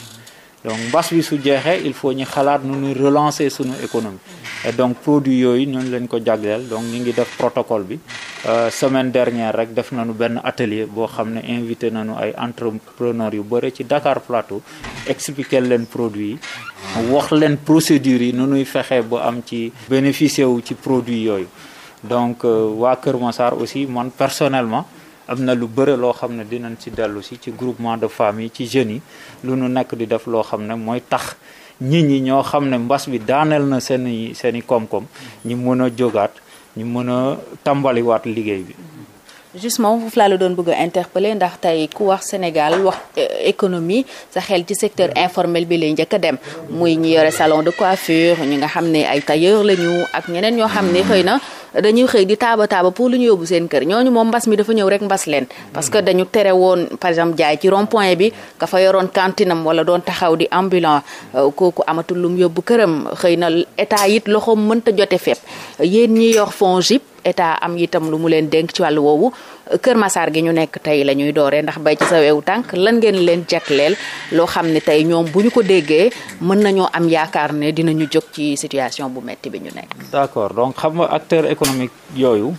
donc mbas bi su jeexee il faut ñu xalaat nu ñuy relancer suñu économie et donc produit yooyu ñooñu leen ko jagleel donc ñu ngi def protocole bi euh, semaine dernière rek def nañu benn atelier boo xam ne invité nañu ay entrepreneurs yu bëri ci Dakar Plateau expliquer leen produit yi wax leen procédures yi nu nuy fexee ba am ci bénéficier wu ci produit yooyu donc euh, waa Kër Massar aussi man personnellement am na lu bëre loo xam ne dinañ ci dellu ci groupement de femmes ci jeunes yi lu nu nekk di def loo xam ne mooy tax nit ñi ñoo xam ne mbas bi daaneel na seen seeni seen koom-koom ñu mën a jógaat ñu mën a tàmbaliwaat liggéey bi justement foofu laa la doon bëgg a ndax tey ku wax Sénégal wax euh, économie sa xel ci secteur informel bi lay njëkk a dem muy ñi yore salon de coiffure ñi nga xam ne ay tailleur la ñu ak ñeneen ñoo xam ne xëy na dañuy xëy di taaba taaba pour lu ñu yóbbu seen kër ñooñu moom mbas mi dafa ñëw rek mbas leen parce que dañu tere woon par exemple jaay ci rond point bi ka fa yoroon kantinam wala doon taxaw di ambulant euh, kooku amatul lu yóbbu këram xëy na état it loxoom mënta jote fépp yéen ñi yor fond jip état am itam lu mu leen dénk ci wàllu woowu Kër masaar gi ñu nekk tey la ñuy dooree ndax bay ci sa wewu tànk lan ngeen leen jagleel loo xam ne tey ñoom bu ñu ko déggee mën nañoo am yaakaar ne dinañu jóg ci situation bu metti bi ñu nekk. d'accord donc xam nga acteur économique yooyu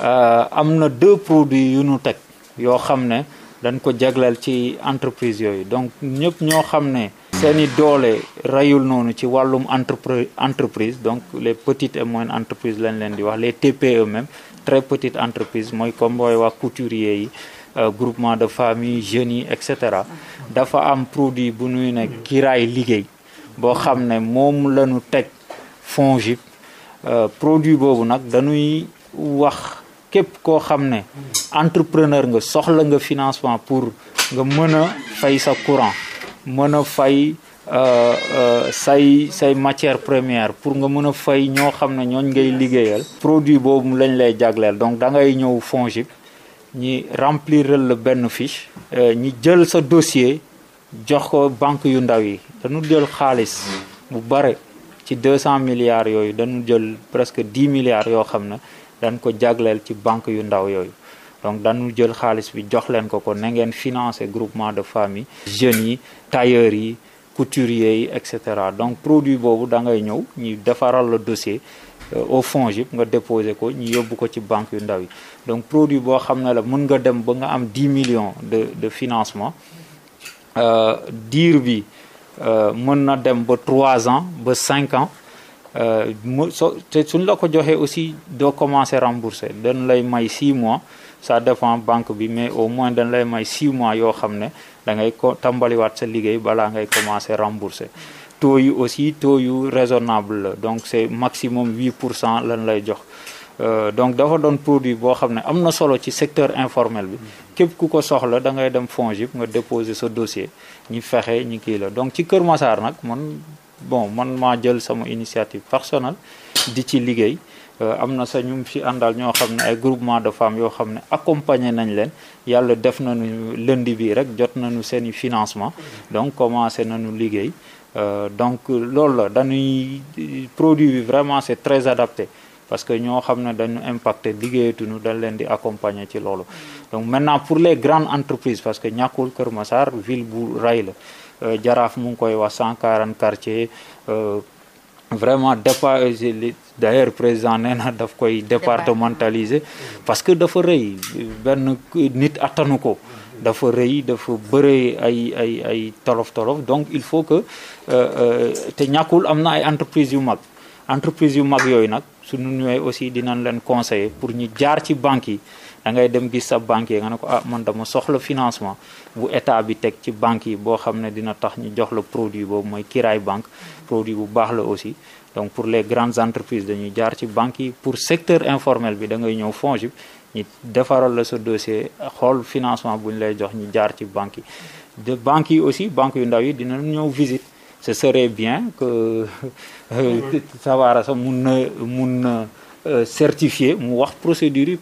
euh, am na deux produits yu ñu teg yoo xam ne dañ ko jagleel ci entreprise yooyu donc ñëpp ñoo xam ne. seeni doole reyul noonu ci wàllum entrepre entreprise donc les petites et moyennes entreprises lañ leen di wax les TPE même très petites entreprises mooy comme booy wax couturier yi euh, groupement de famille jeunes yi et cetera dafa am produit bu nuy nekk kiraay liggéey boo xam ne moom lanu teg teg FONGIP euh, produit boobu nag dañuy wax képp koo xam ne entrepreneur nga soxla nga financement pour nga mën a fay sa courant mën a fay euh, euh, say say matière première pour nga mën a fay ñoo xam ne ñooñ ngay liggéeyal produit boobu lañ lay jagleel donc da ngay ñëw FONGIP ñi rempliral la benn fiche euh, ñi jël sa dossier jox ko banque yu ndaw yi dañu jël xaalis bu bare ci deux cent milliards yooyu dañu jël presque dix milliards yoo xam ne dañ ko jagleel ci banque yu ndaw yooyu donc dañu jël xaalis bi jox leen ko ko nangeen financer groupement de famille jeunes yi tailleurs yi couturiers yi et cetera donc produit boobu da ngay ñëw ñu defaral la dossier euh, au fond yëpp nga déposé ko ñu yóbbu ko ci banque yu ndaw yi donc produit boo xam ne la mën nga dem ba nga am dix millions de de financement euh, diir bi euh, mën na dem ba trois ans ba 5 ans mu so te suñ la ko joxee aussi doo commencer rembourser dañ lay may 6 mois ça dépend banque bi mais au moins dañ lay may 6 mois yoo xam ne da ngay ko tàmbaliwaat sa liggéey balaa ngay commencer rembourser taux yu aussi taux yu raisonnable la donc c'est maximum 8 pour cent lañ lay jox euh, donc dafa doon produit boo xam ne am na solo ci secteur informel bi képp ku ko soxla da ngay dem FONGIP nga déposer sa dossier ñu fexe ñu kii la donc ci Kër Massar nag man bon man maa jël sama initiative personnelle di ci liggéey Euh, am na sa ñu fi àndal ñoo xam ne ay groupement de femmes yoo xam ne accompagner nañ leen yàlla def nañu lundi bi rek jot nañu seeni financement donc commencé nañu liggéey euh, donc loolu la dañuy produit bi vraiment c'est très adapté parce que ñoo xam ne dañu impacté liggéeyatuñu dañ leen di accompagner ci loolu donc naa pour les grandes entreprises parce que ñàkkul Kër Massar ville bu ray la euh, jaraaf mu ngi koy wax 140 quartiers vraiment départ d'ailleurs président nee na daf koy départementaliser parce que dafa rëy benn nit attanu ko dafa rëy dafa bëre ay ay ay tolof tolof donc il faut que euh, euh, te ñàkkul am na ay entreprise yu mag entreprise yu mag yooyu nag suñu ñëwee aussi dinañ leen conseiller pour ñu jaar ci banque yi da ngay dem gis sa banque yi nga ne ko ah man dama soxla financement bu état bi teg ci banque yi boo xam ne dina tax ñu jox la produit boobu mooy kiraay banque produit bu baax la aussi donc pour les grandes entreprises dañuy jaar ci banque yi pour secteur informel bi da ngay ñëw FONGIP ñu defaral la sa dossier xool financement bu ñu lay jox ñu jaar ci banque yi de banque yi aussi banque yu ndaw yi dina ñëw visite ce serait bien que euh, Savara sa mun na mun na euh, certifier mu wax procédure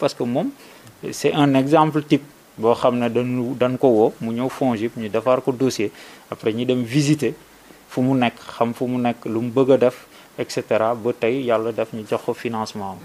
c'est un exemple type boo xam ne dañu dañ ko woo mu ñëw FONGIP ñu defar ko dossier après ñu dem visiter fu mu nekk xam fu mu nekk lu mu bëgg def et cetera ba tey yàlla def ñu jox ko financement am.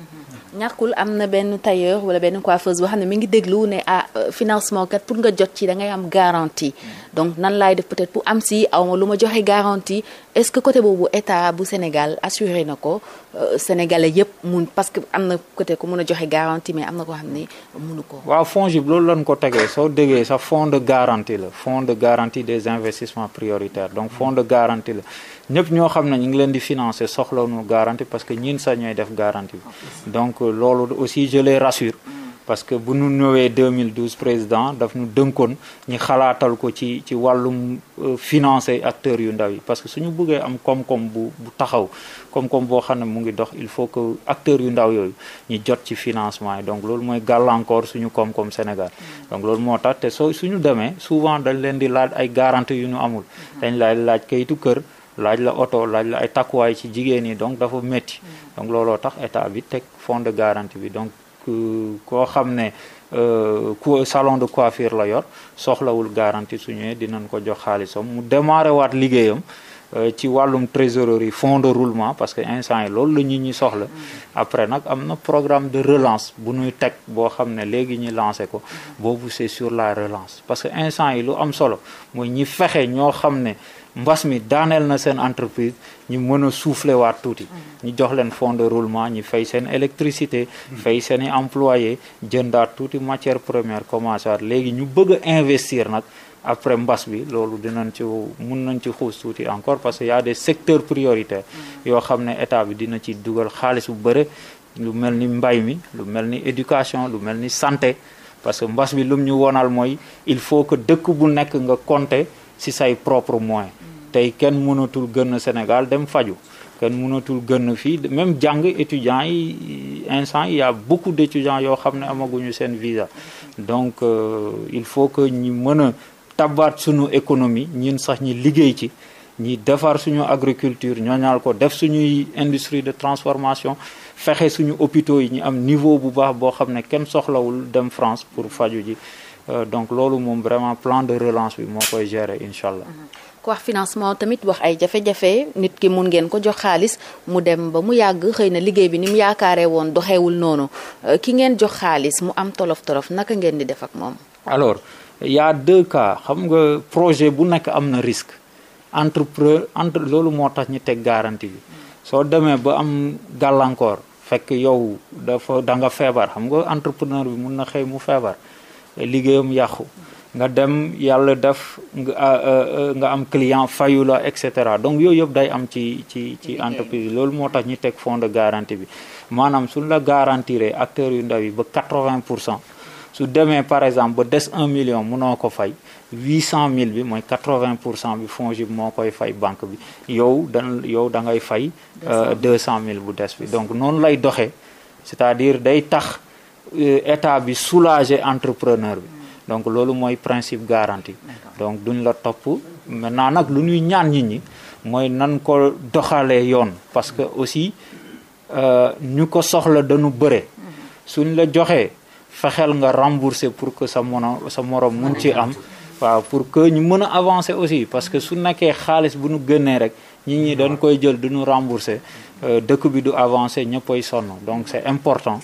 ñàkkul am na benn tailleur wala benn coiffeuse boo xam ne mi ngi déglu ne ah euh, financement kat pour nga jot ci da ngay am garantie mm. donc nan laay def peut-être pour am si aw lu ma joxe garantie est-ce que côté boobu état bu Sénégal assuré na ko euh, sénégalais yëpp mun parce que am na côté ko mun a joxe garantie mais am na ko xam ne munu ko. waaw fonds yi loolu lañ ko tegee soo déggee sax fonds de garantie la fonds de garanti des investissements prioritaires donc fonds de garanti la ñëpp ñoo xam ne ñu ngi leen di financer soxla nu garanti parce que ñin sax ñooy def garanti donc euh, loolu aussi je les rassure. Mm. parce que bu ñu ñëwee 2012 président daf ñu dënkoon ñu xalaatal ko ci ci wàllum euh, financer acteurs yu ndaw yi parce que suñu bëggee am koom-koom bu bu taxaw koom-koom boo xam ne mu ngi dox il faut que acteur yu ndaw yooyu ñu jot ci financement yi donc loolu mooy gàllankoor suñu koom-koom Sénégal donc loolu moo tax te soo suñu demee souvent dañ leen di laaj ay garantie yu ñu amul dañ lay laaj kayitu kër laaj la oto laaj la ay takkuwaay ci jigéen yi donc dafa métti donc tax état bi teg fonds de garantie bi donc Euh, koo xam ne euh, ku salon de coiffure la yor soxlawul garantie su ñëwee dinañ ko jox xaalisam mu démarré waat liggéeyam euh, ci wàllum trésorerie fonds de roulement parce que instant yi loolu la nit ñi soxla mm. après nag am na programme de relance bu nuy teg boo xam ne léegi ñi lancé ko mm. boobu sur la relance parce que instant yi lu am solo mooy ñi fexe ñoo xam ne mbas mi daaneel na seen entreprise ñu mën a souffler waat tuuti mm. ñu jox leen fonds de roulement ñu fay seen électricité mm. fay seen i employé jëndaat tuuti matière première commencé waat léegi ñu bëgg investir nag après mbas bi loolu dinañ ci mun nañ ci xuus tuuti encore parce que des secteurs prioritaires mm. yoo xam ne état bi dina ci dugal xaalis bu bëre lu mel ni mbay mi lu mel ni éducation lu mel ni santé parce que mbas bi lum ñu wonal mooy il faut que dëkk bu nekk nga compter si say propre moyen tey kenn mënatul gënn Sénégal dem faju kenn mënatul gënn fii même jàng étudiants yi instant ya y a beaucoup d' yoo xam ne amaguñu seen visa donc euh, il faut que ñu mën a tabaat suñu économie ñun sax ñi liggéey ci ñi defar suñu agriculture ñoo ñooñaal ko def suñuy industrie de transformation fexe suñu hôpitaux yi ñu am niveau bu baax boo xam ne kenn soxlawul dem France pour faju ji Euh, donc loolu moom vraiment plan de relance bi moo koy gérer incha allah. ku mhm. wax financement tamit wax ay jafe-jafe nit ki mun ngeen ko jox xaalis mu dem ba mu yàgg xëy na liggéey bi ni mu yaakaaree woon doxewul noonu euh, ki ngeen jox xaalis mu am tolof tolof naka ngeen di def ak moom. alors yaa a deux cas xam nga projet bu nekk am na risque entrepreneur entre loolu moo tax ñu teg garantie bi soo demee ba am gàllankoor fekk yow dafa da feebar xam nga entrepreneur bi mun na xëy mu feebar. liggéeyam yàqu nga dem yàlla def euh, euh, nga am client fayu la et cetera donc yooyu yëpp day am ci ci ci entreprise loolu moo tax ñu teg fonds de garantie bi maanaam suñ la garantiré acteur yu ndaw yi ba 80 pour cent su demee par exemple ba des 1 million munoo ko fay 800000 bi mooy 80 pour cent bi FONGIP moo koy fay banque bi yow dan yow da ngay fay 200000 euh, bu des bi donc noonu lay doxee c'est-à-dire day tax Euh, état bi soulager entrepreneur bi donc loolu mooy principe garanti donc duñ la topp maintenant nag lu ñuy ñaan ñi ñi mooy nan ko doxalee yoon parce que aussi euh, ñu ko soxla dañu bëre mm-hmm. suñ la joxee fexeel nga rembourser pour que sa mono sa morom mun ci am waaw pour que ñu mën a avancer aussi parce que su nekkee xaalis bu ñu gënee rek nit ñi dañ koy jël du ñu rembourser euh, dëkk bi du avancer ñëppay sonn donc c'est important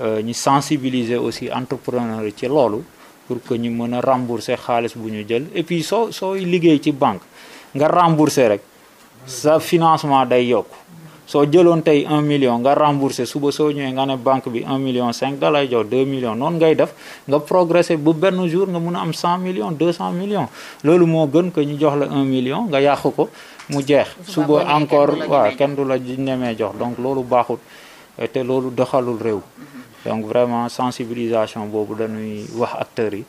Euh, ñu sensibiliser aussi entrepreneur ci loolu pour que ñu mën a rembourser xaalis bu ñu jël et puis soo sooy liggéey ci banque nga rembourser rek sa financement day yokk soo jëloon tey un million nga rembourser suba soo ñëwee nga ne banque bi un million cinq da lay jox deux millions noonu ngay def nga progresser bu benn jour nga mun a am cent millions deux cent millions loolu moo gën ko ñu jox la un million nga yàqu ko mu jeex suba encore waaw kenn du la nemee jox donc loolu baaxul te loolu doxalul réew mm-hmm. donc vraiment sensibilisation boobu dañuy wax acteurs yi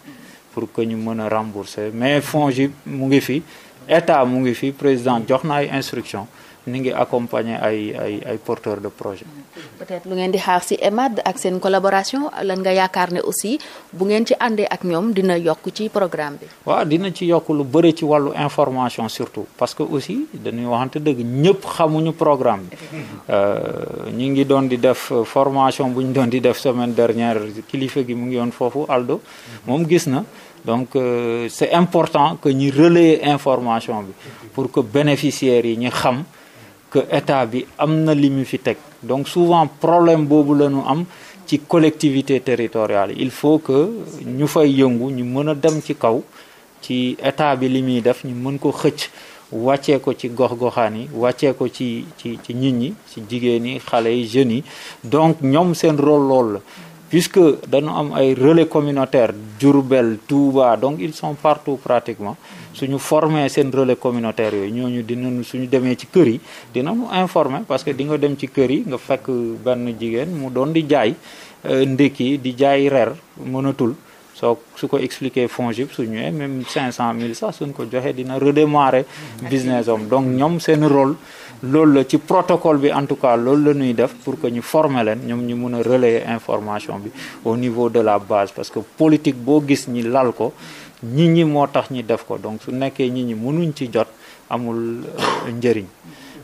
pour que ñu mën a rembourser mais fonds mu ngi fi état mu ngi fi président jox na ay instruction ni ngi accompagner ay ay ay porteurs de projet. peut-être lu ngeen di xaar ci EMAD ak seen collaboration lan nga yaakaar ne aussi bu ngeen ci àndee ak ñoom dina yokk ci programme bi. waaw dina ci yokk lu bëri ci wàllu information surtout parce que aussi dañuy waxante dëgg ñëpp xamuñu programme bi. Euh, ñu ngi doon di def formation bu ñu doon di def semaine dernière kilifa gi mu ngi yoon foofu Aldo moom gis na. donc euh, c'est important que ñu relayer information bi pour que yi ñu xam que état bi am na li mu fi teg donc souvent problème boobu la ñu am ci collectivité territoriale il faut que ñu fay yëngu ñu mën a dem ci kaw ci état bi li muy def ñu mën ko xëcc wàccee ko ci gox-goxaan yi wàccee ko ci ci ci nit ñi ci jigéen yi xale yi jeunes yi donc ñoom seen rôle loolu la puisque dañu am ay relais communautaire Diourbel Touba donc ils sont partout pratiquement suñu formé seen relais communautaire yooyu ñooñu dinañu suñu demee ci kër yi dina dinañu informer parce que di dem ci kër yi nga fekk benn jigéen mu doon di jaay euh, ndékki di jaay reer mënatul soo su ko expliquer FONGIP su ñu ñëwee même mille sax suñ ko joxee dina redémarrer business am donc ñoom seen rôle loolu la ci protocole bi en tout cas loolu la ñuy def pour que ñu former leen ñoom ñu mun a relayer information bi au niveau de la base parce que politique boo gis ñi lal ko nit ñi moo tax ñi def ko donc su nekkee nit ñi mënuñ ci jot amul euh, njëriñ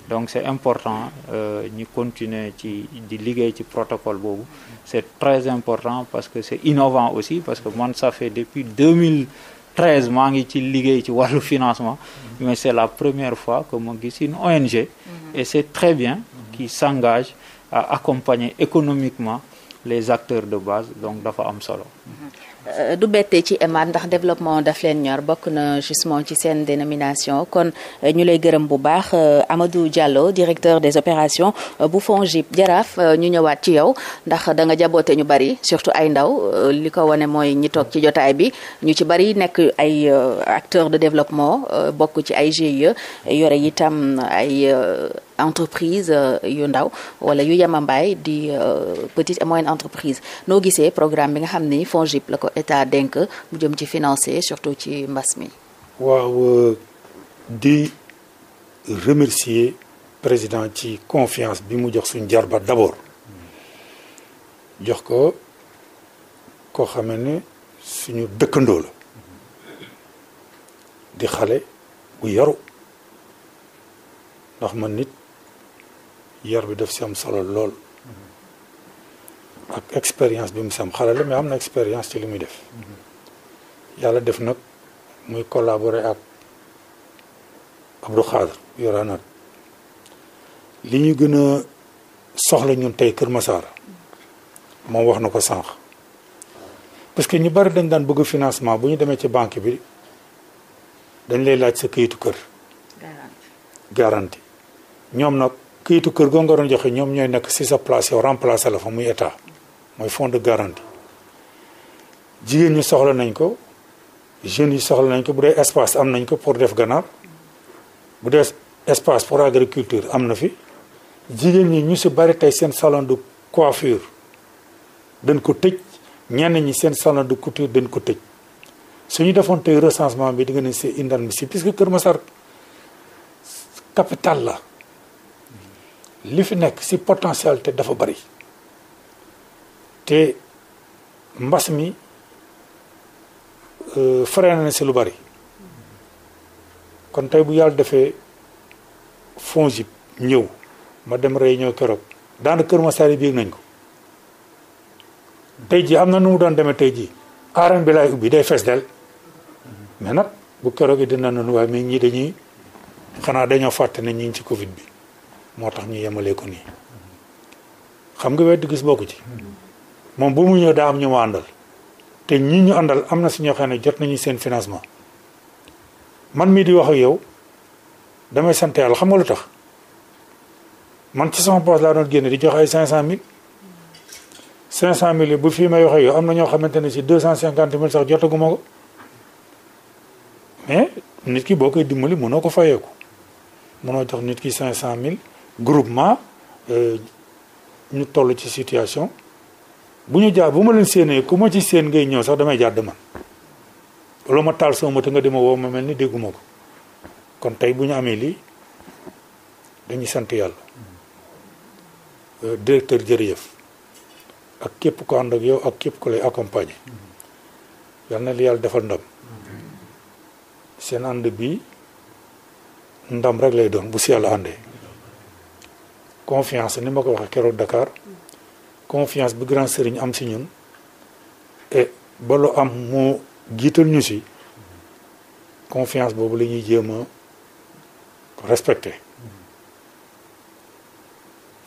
donc c'est important euh, ñu continuer ci di liggéey ci protocole boobu c'est très important parce que c'est innovant aussi parce que man ça fait depuis 2013 maa ngi ci liggéey ci wàllu financement mais c'est la première fois que ma gis une ONG mm-hmm. et c'est très bien qui s'engage à accompagner économiquement les acteurs de base donc dafa am solo mm-hmm. Euh, du bettee ci EMAD ndax développement daf leen ñor bokk na justement ci seen dénomination kon euh, ñu lay gërëm bu baax euh, Amadou Diallo directeur des opérations bu FONGIP jaraaf ñu ñëwaat ci yow ndax da nga jaboote ñu bari surtout ay ndaw li ko wane mooy ñi toog ci jotaay bi ñu ci bari nekk ay acteurs de développement bokk ci ay GIE yore itam ay entreprise euh, yu ndaw wala yu yemambaay di euh, petite et moyenne entreprise noo gisee programme bi nga xam ni FONGIP la ko état dénk mu jëm ci financer surtout ci mbas mi. waaw euh, di remercier président ci confiance bi mu jox suñ suñu jarba d'abord jox ko koo xamee ne suñu dëkkandoo la di xale bu yaru ndax man nit yar bi daf si am solo lool ak expérience bi mu si am xale la mais am na expérience ci li muy def yàlla def nag muy collaborer ak Abdou Khadre yoraanaat li ñu gën a soxla ñun tey Kër Massar moom wax na ko sànq parce que ñu bari dañ daan bëgg financement bu ñu demee ci banque bi dañ lay laaj sa kayitu kër. garantie ñoom nag. këyitu kër goo nga doon joxe ñoom ñooy nekk si sa place yow remplacé la fa muy état mooy fonds de garantie jigéen ñi soxla nañ ko jeunes yi soxla nañ ko bu dee espace am nañ ko pour def ganaar bu dee espace pour agriculture am na fi jigéen ñi ñu si bari tey seen salon de coiffure dañ ko tëj ñenn ñi seen salon de couture dañ ko tëj su ñu defoon tey recensement bi di nga ne c'est inadmissible puisque Kër ma sar capital la. li fi nekk ci potentialité dafa bari te mbas mi euh, freiné na si lu bari kon tey bu yàlla defee FONGIP ñëw ma dem ñëw keroog daana Kër Masar yi biir nañ ko tey jii am na nu mu doon demee tey jii arène bi laay ubbi day fees del mais nag bu keroog yi dina nañu waaye mais ñii dañuy xanaa dañoo fàtte ne ñi ci Covid bi. moo tax ñu yemalee ko nii xam nga weddi gis bokku ci moom bu mu ñëw daa am ñu mu àndal te ñi ñu àndal am na si ñoo xam ne jot nañu seen financement man mii di wax yow damay sant yàlla xam nga lu tax man ci sama poche laa doon génne di jox ay 500000 500000 bu fii may wax ak yow am na ñoo xamante ne si 250000 sax jotaguma ko nit ki boo koy dimbali mënoo ko fayeeku mënoo jox nit ki 500000. groupement euh, ñu toll ci situation bu ñu jaar bu ma leen séenee ku ma ci séen ngay ñëw sax damay jaar man loolu ma taal sama moto nga dima woo ma mel ni dégguma ko kon tey bu ñu amee lii dañuy sant yàlla euh, directeur jërëjëf ak képp ko ànd ak yow ak képp ko lay accompagner yal na li yàlla defal ndam seen ànd bi ndam rek lay doon bu si yàlla àndee confiance ni ma ko waxee keroog Dakar confiance bi grand sëriñ am si ñun et ba lu am mu jiital ñu si confiance boobu la ñuy jéem a respecté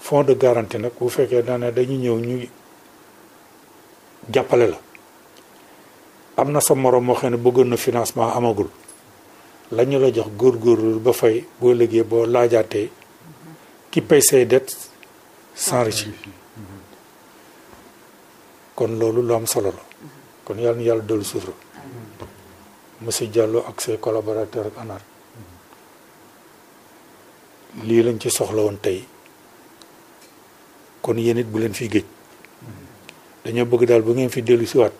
fonds de garantie nag bu fekkee daanaka dañu ñëw ñu jàppale la am na sa moroom moo xam ne bëggoon na financement amagul la ñu la jox góorgóorlu ba fay boo liggéey boo laajaatee. qui paie ses dettes s'enrichit kon loolu lu am solo la kon yàlla na yàlla dolli sutura monsieur Diallo ak ses collaborateurs ak lii lañ ci soxla woon tey kon yéen bu leen fi géej dañoo bëgg daal bu ngeen fi dellu siwaat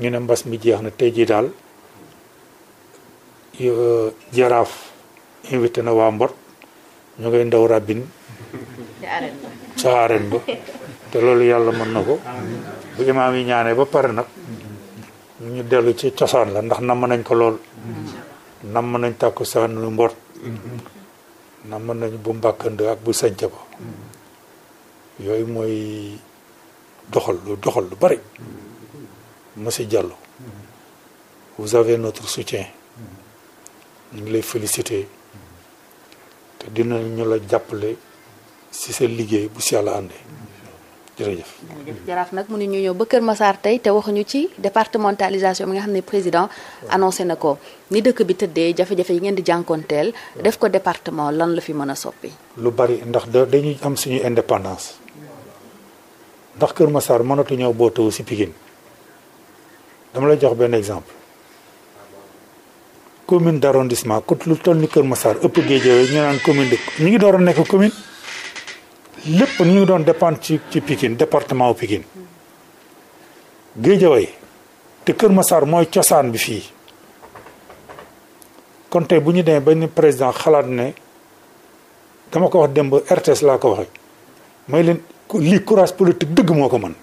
ñu ne mbas mi jeex na tey jii daal euh, jaraaf invité na waa Mbot ñu ngay ndaw ràbbin ca arène ba te loolu yàlla mën na ko bu imaam yi ñaanee ba pare nag ñu dellu ci cosaan la ndax namm nañ ko lool namm nañ tàkku saan lu mbot namm nañ bu mbàkkand ak bu sanc ba yooyu mooy doxal lu doxal lu bari monsieur Diallo vous avez notre soutien ñu ngi lay félicité te dinañu la jàppale si sa liggéey bu si yàlla àndee jërëjëf. jaraaf nag mënu ñu ñëw ba Kër Massar tey te waxuñu ci départementalisation bi nga xam ne président annoncé na ko ni dëkk bi tëddee jafe-jafe yi ngeen di jànkoonteel def ko département lan la fi mën a soppi. lu bari ndax dañuy am suñu indépendance ndax Kër Massar mënatu ñëw boo taw si dama lay jox benn exemple. commune d' arrondissement ku lu toll ni Kër Massar ëpp Guédiawaye ñu naan commune de ñu ngi door a nekk commune lépp ñu doon dépendre ci ci Pikine département wu Pikine te Kër Massar mooy cosaan bi fii kon tey bu ñu demee ba ni président xalaat ne dama ko wax ba RTS laa ko waxee mooy leen lii courage politique dëgg moo ko mën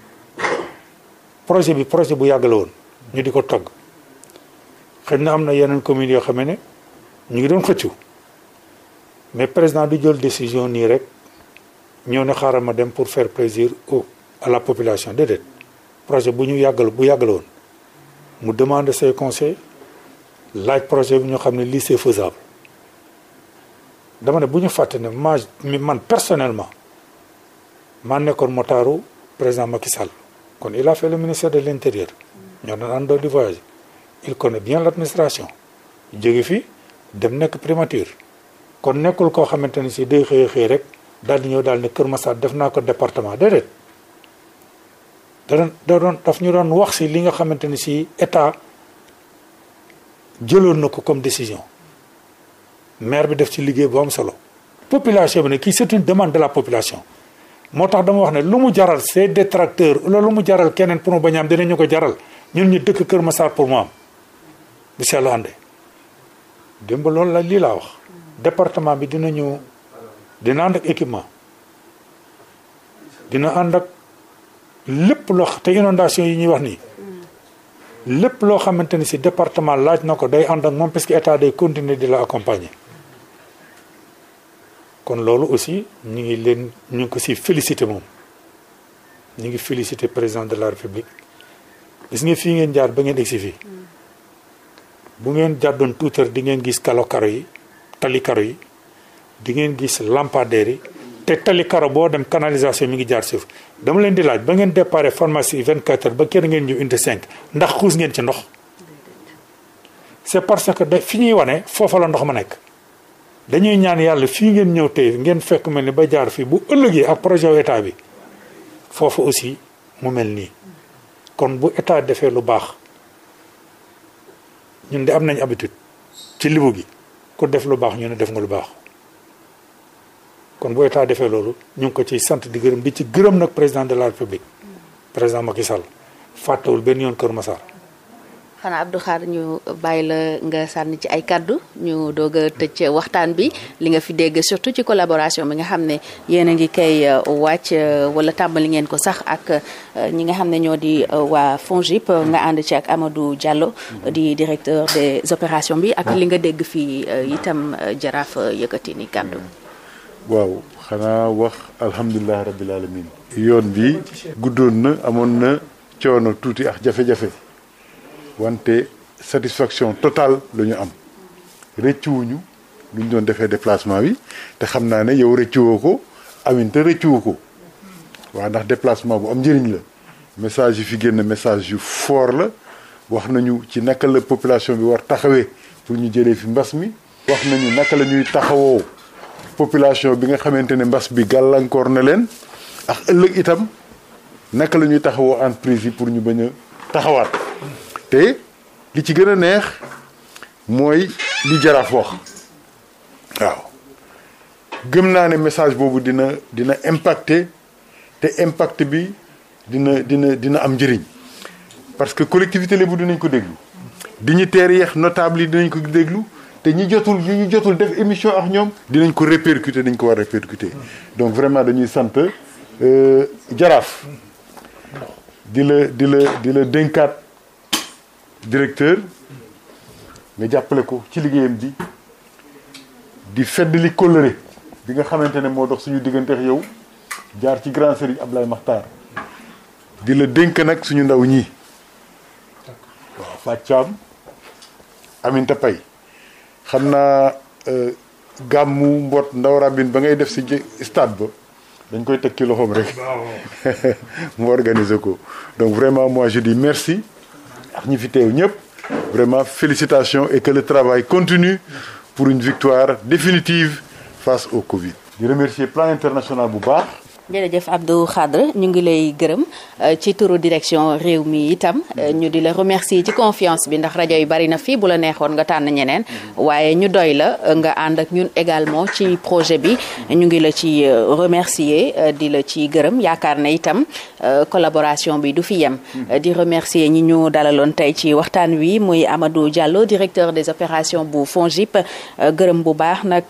projet bi projet bu yàgg la woon ñu di ko togg. xëy na am na yeneen communes yoo xam ne ñu ngi doon xëccu mais président du jël décision nii rek ñëw ne xaaral ma dem pour fer plaisir au à la population déedéet projet bu ñu yàggal bu yàggal woon mu demande ses conseils laaj projet bi ñu xam ne lii c'est faisable dama ne bu ñu fàtte ne ma man personnellement maa nekkoon motaaru président Macky Sall kon il a fait le ministère de l'intérieur ñoo doon àndoo di voyager il connaît bien l'administration jóge fi dem nekk primature kon nekkul koo xamante ni si day xëy xëy rek dal di ñëw daal ne Kër Massar def naa ko département déedéet da da doon daf ñu doon wax si li nga xamante ni si état jëloon na ko comme décision maire bi def ci liggéey boo am solo. population bi ne kii c'est une demande de la population moo tax dama wax ne lu mu jaral ses détracteurs loolu lu mu jaral keneen pour mu bañ a am ko jaral ñun ñu dëkk Kër Massar pour mu am. bu seetlu àndee démb loolu la lii laa wax département bi dina ñëw dina ànd ak équipement dina ànd ak lépp loo te yi ñuy wax nii lépp loo xamante ni si département laaj na ko day ànd ak moom parce que état day continuer di la accompagner kon loolu aussi ñu ngi leen ñu ngi ko si félicité moom ñu ngi félicité président de la république gis nga fii ngeen jaar ba ngeen egsi fii bu ngeen jàddoon tuutar di ngeen gis kalo karo yi tali karo yi di ngeen gis lampadaire yi te tali karo boo dem canalisation mi ngi jaar suuf dama leen di laaj ba ngeen déparé pharmacie 24 heures ba kenn ngeen ñëw indi cinq ndax xuus ngeen ci ndox c'est parce que da fi ñuy wane foofa la ndox ma nekk dañuy ñaan yàlla fii ngeen ñëw te ngeen fekk mel ni ba jaar fii bu ëllëgee ak projet wu état bi foofu aussi mu mel nii kon bu état defee lu baax ñun de am nañu habitude ci libu gi ku def lu baax ñu ne def nga lu baax kon booy état defee loolu ñu ngi ko ci sant di gërëm di ci gërëm nag président de la république président Macky Sall fàttewul benn yoon Kër Massar xanaa Abdou Khar ñu bàyyi la nga sànni ci ay kàddu ñu doog a tëj waxtaan bi li nga fi dégg surtout ci collaboration bi nga xam ne yéen a ngi koy uh, wàcc uh, wala tàmbali ngeen ko sax ak uh, ñi nga xam ne ñoo di waa FONGIP nga ànd ci ak Amadou Diallo di directeur des opérations bi ak li nga dégg fii itam jaraaf yëkkati ni kaddu waaw xanaa wax alhamdulilah rabbil alamin yoon bi guddoon na amoon na coono tuuti ak jafe-jafe wante satisfaction totale la ñu am rëccuwuñu lu ñu doon defee déplacement bi te xam naa ne yow rëccuwoo ko aminte rëccuwu ko waaw ndax déplacement bu am njëriñ la message yu fi génn message yu fort la wax nañu ci naka la population bi war taxawee pour ñu jëlee fi mbas mi wax nañu naka la ñuy taxawoo population bi nga xamante ne mbas bi gàllankoor na leen ak ëllëg itam naka la ñuy taxawoo entreprise yi pour ñu bañ a taxawaat te li ci gën a neex mooy li jaraaf wax waaw gëm naa ne message boobu dina dina impacté te impacte bi dina dina dina am njëriñ parce que collectivité lébu dinañ ko déglu teer yeex notable yi dinañ ko déglu te ñi jotul ñu jotul def émission ak ñoom dinañ ko répercuter dañ ko war répercuter donc vraiment dañuy sant euh, jaraaf di la di la di la dénkaat directeur nga jàppale ko ci liggéeyam ji di feddali kóllëre bi nga xamante ne moo dox suñu diggante yow jaar ci grand sëriñ Ablaye Makhtar di la dénk nag suñu ndaw ñi waaw Fatou Aminta pay xam naa euh, gàmmu mboot ndaw rabine ba ngay def si stade ba dañ koy teg ci loxoom rek mu organiser ko donc vraiment moi je dis merci ak ñi fi teew ñëpp vraiment félicitations et que le travail continue pour une victoire définitive face au Covid. di remercier Plan International bu baax. jërëjëf Abdou Khadre ñu ngi lay gërëm euh, ci turu direction réew mi itam euh, ñu di la remercier ci confiance bi ndax rajo yi bari na fii bu la neexoon nga tànn ñeneen mm-hmm. waaye ñu doy la euh, nga ànd ak ñun également ci projet bi mm-hmm. ñu ngi la ci remercier di la ci gërëm yaakaar na itam collaboration bi du fi yem mm-hmm. di remercier ñi ñu dalaloon tey ci waxtaan wi muy Amadou Diallo directeur des opérations bu FONGIP gërëm bu baax nag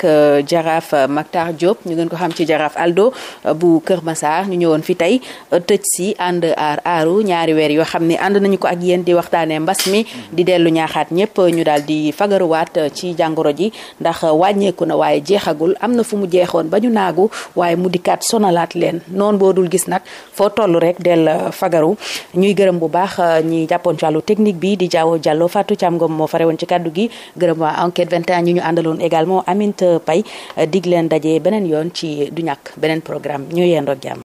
jaraaf Mactar Diop ñu ngeen ko xam ci jaraaf Aldo Kër Massar ñu ñëwoon fi tey euh, tëj si ànd aar aaru ñaari weer yoo xam ne ànd nañu ko ak yéen di waxtaanee mbas mi mm-hmm. di dellu ñaaxaat ñëpp euh, ñu daal di fagaruwaat euh, ci jàngoro ji ndax wàññeeku na waaye jeexagul am na fu mu jeexoon ba ñu naagu waaye mu dikkaat sonalaat leen noon boo dul gis nag foo toll rek del fagaru ñuy gërëm bu baax ñi jàppoon ci wàllu technique bi di jaawo jàllo Fatou Thiam Ngom moo fare woon ci kaddu gi gërëm waa enquête 21 ñu ñu àndaloon également yendoo jàmm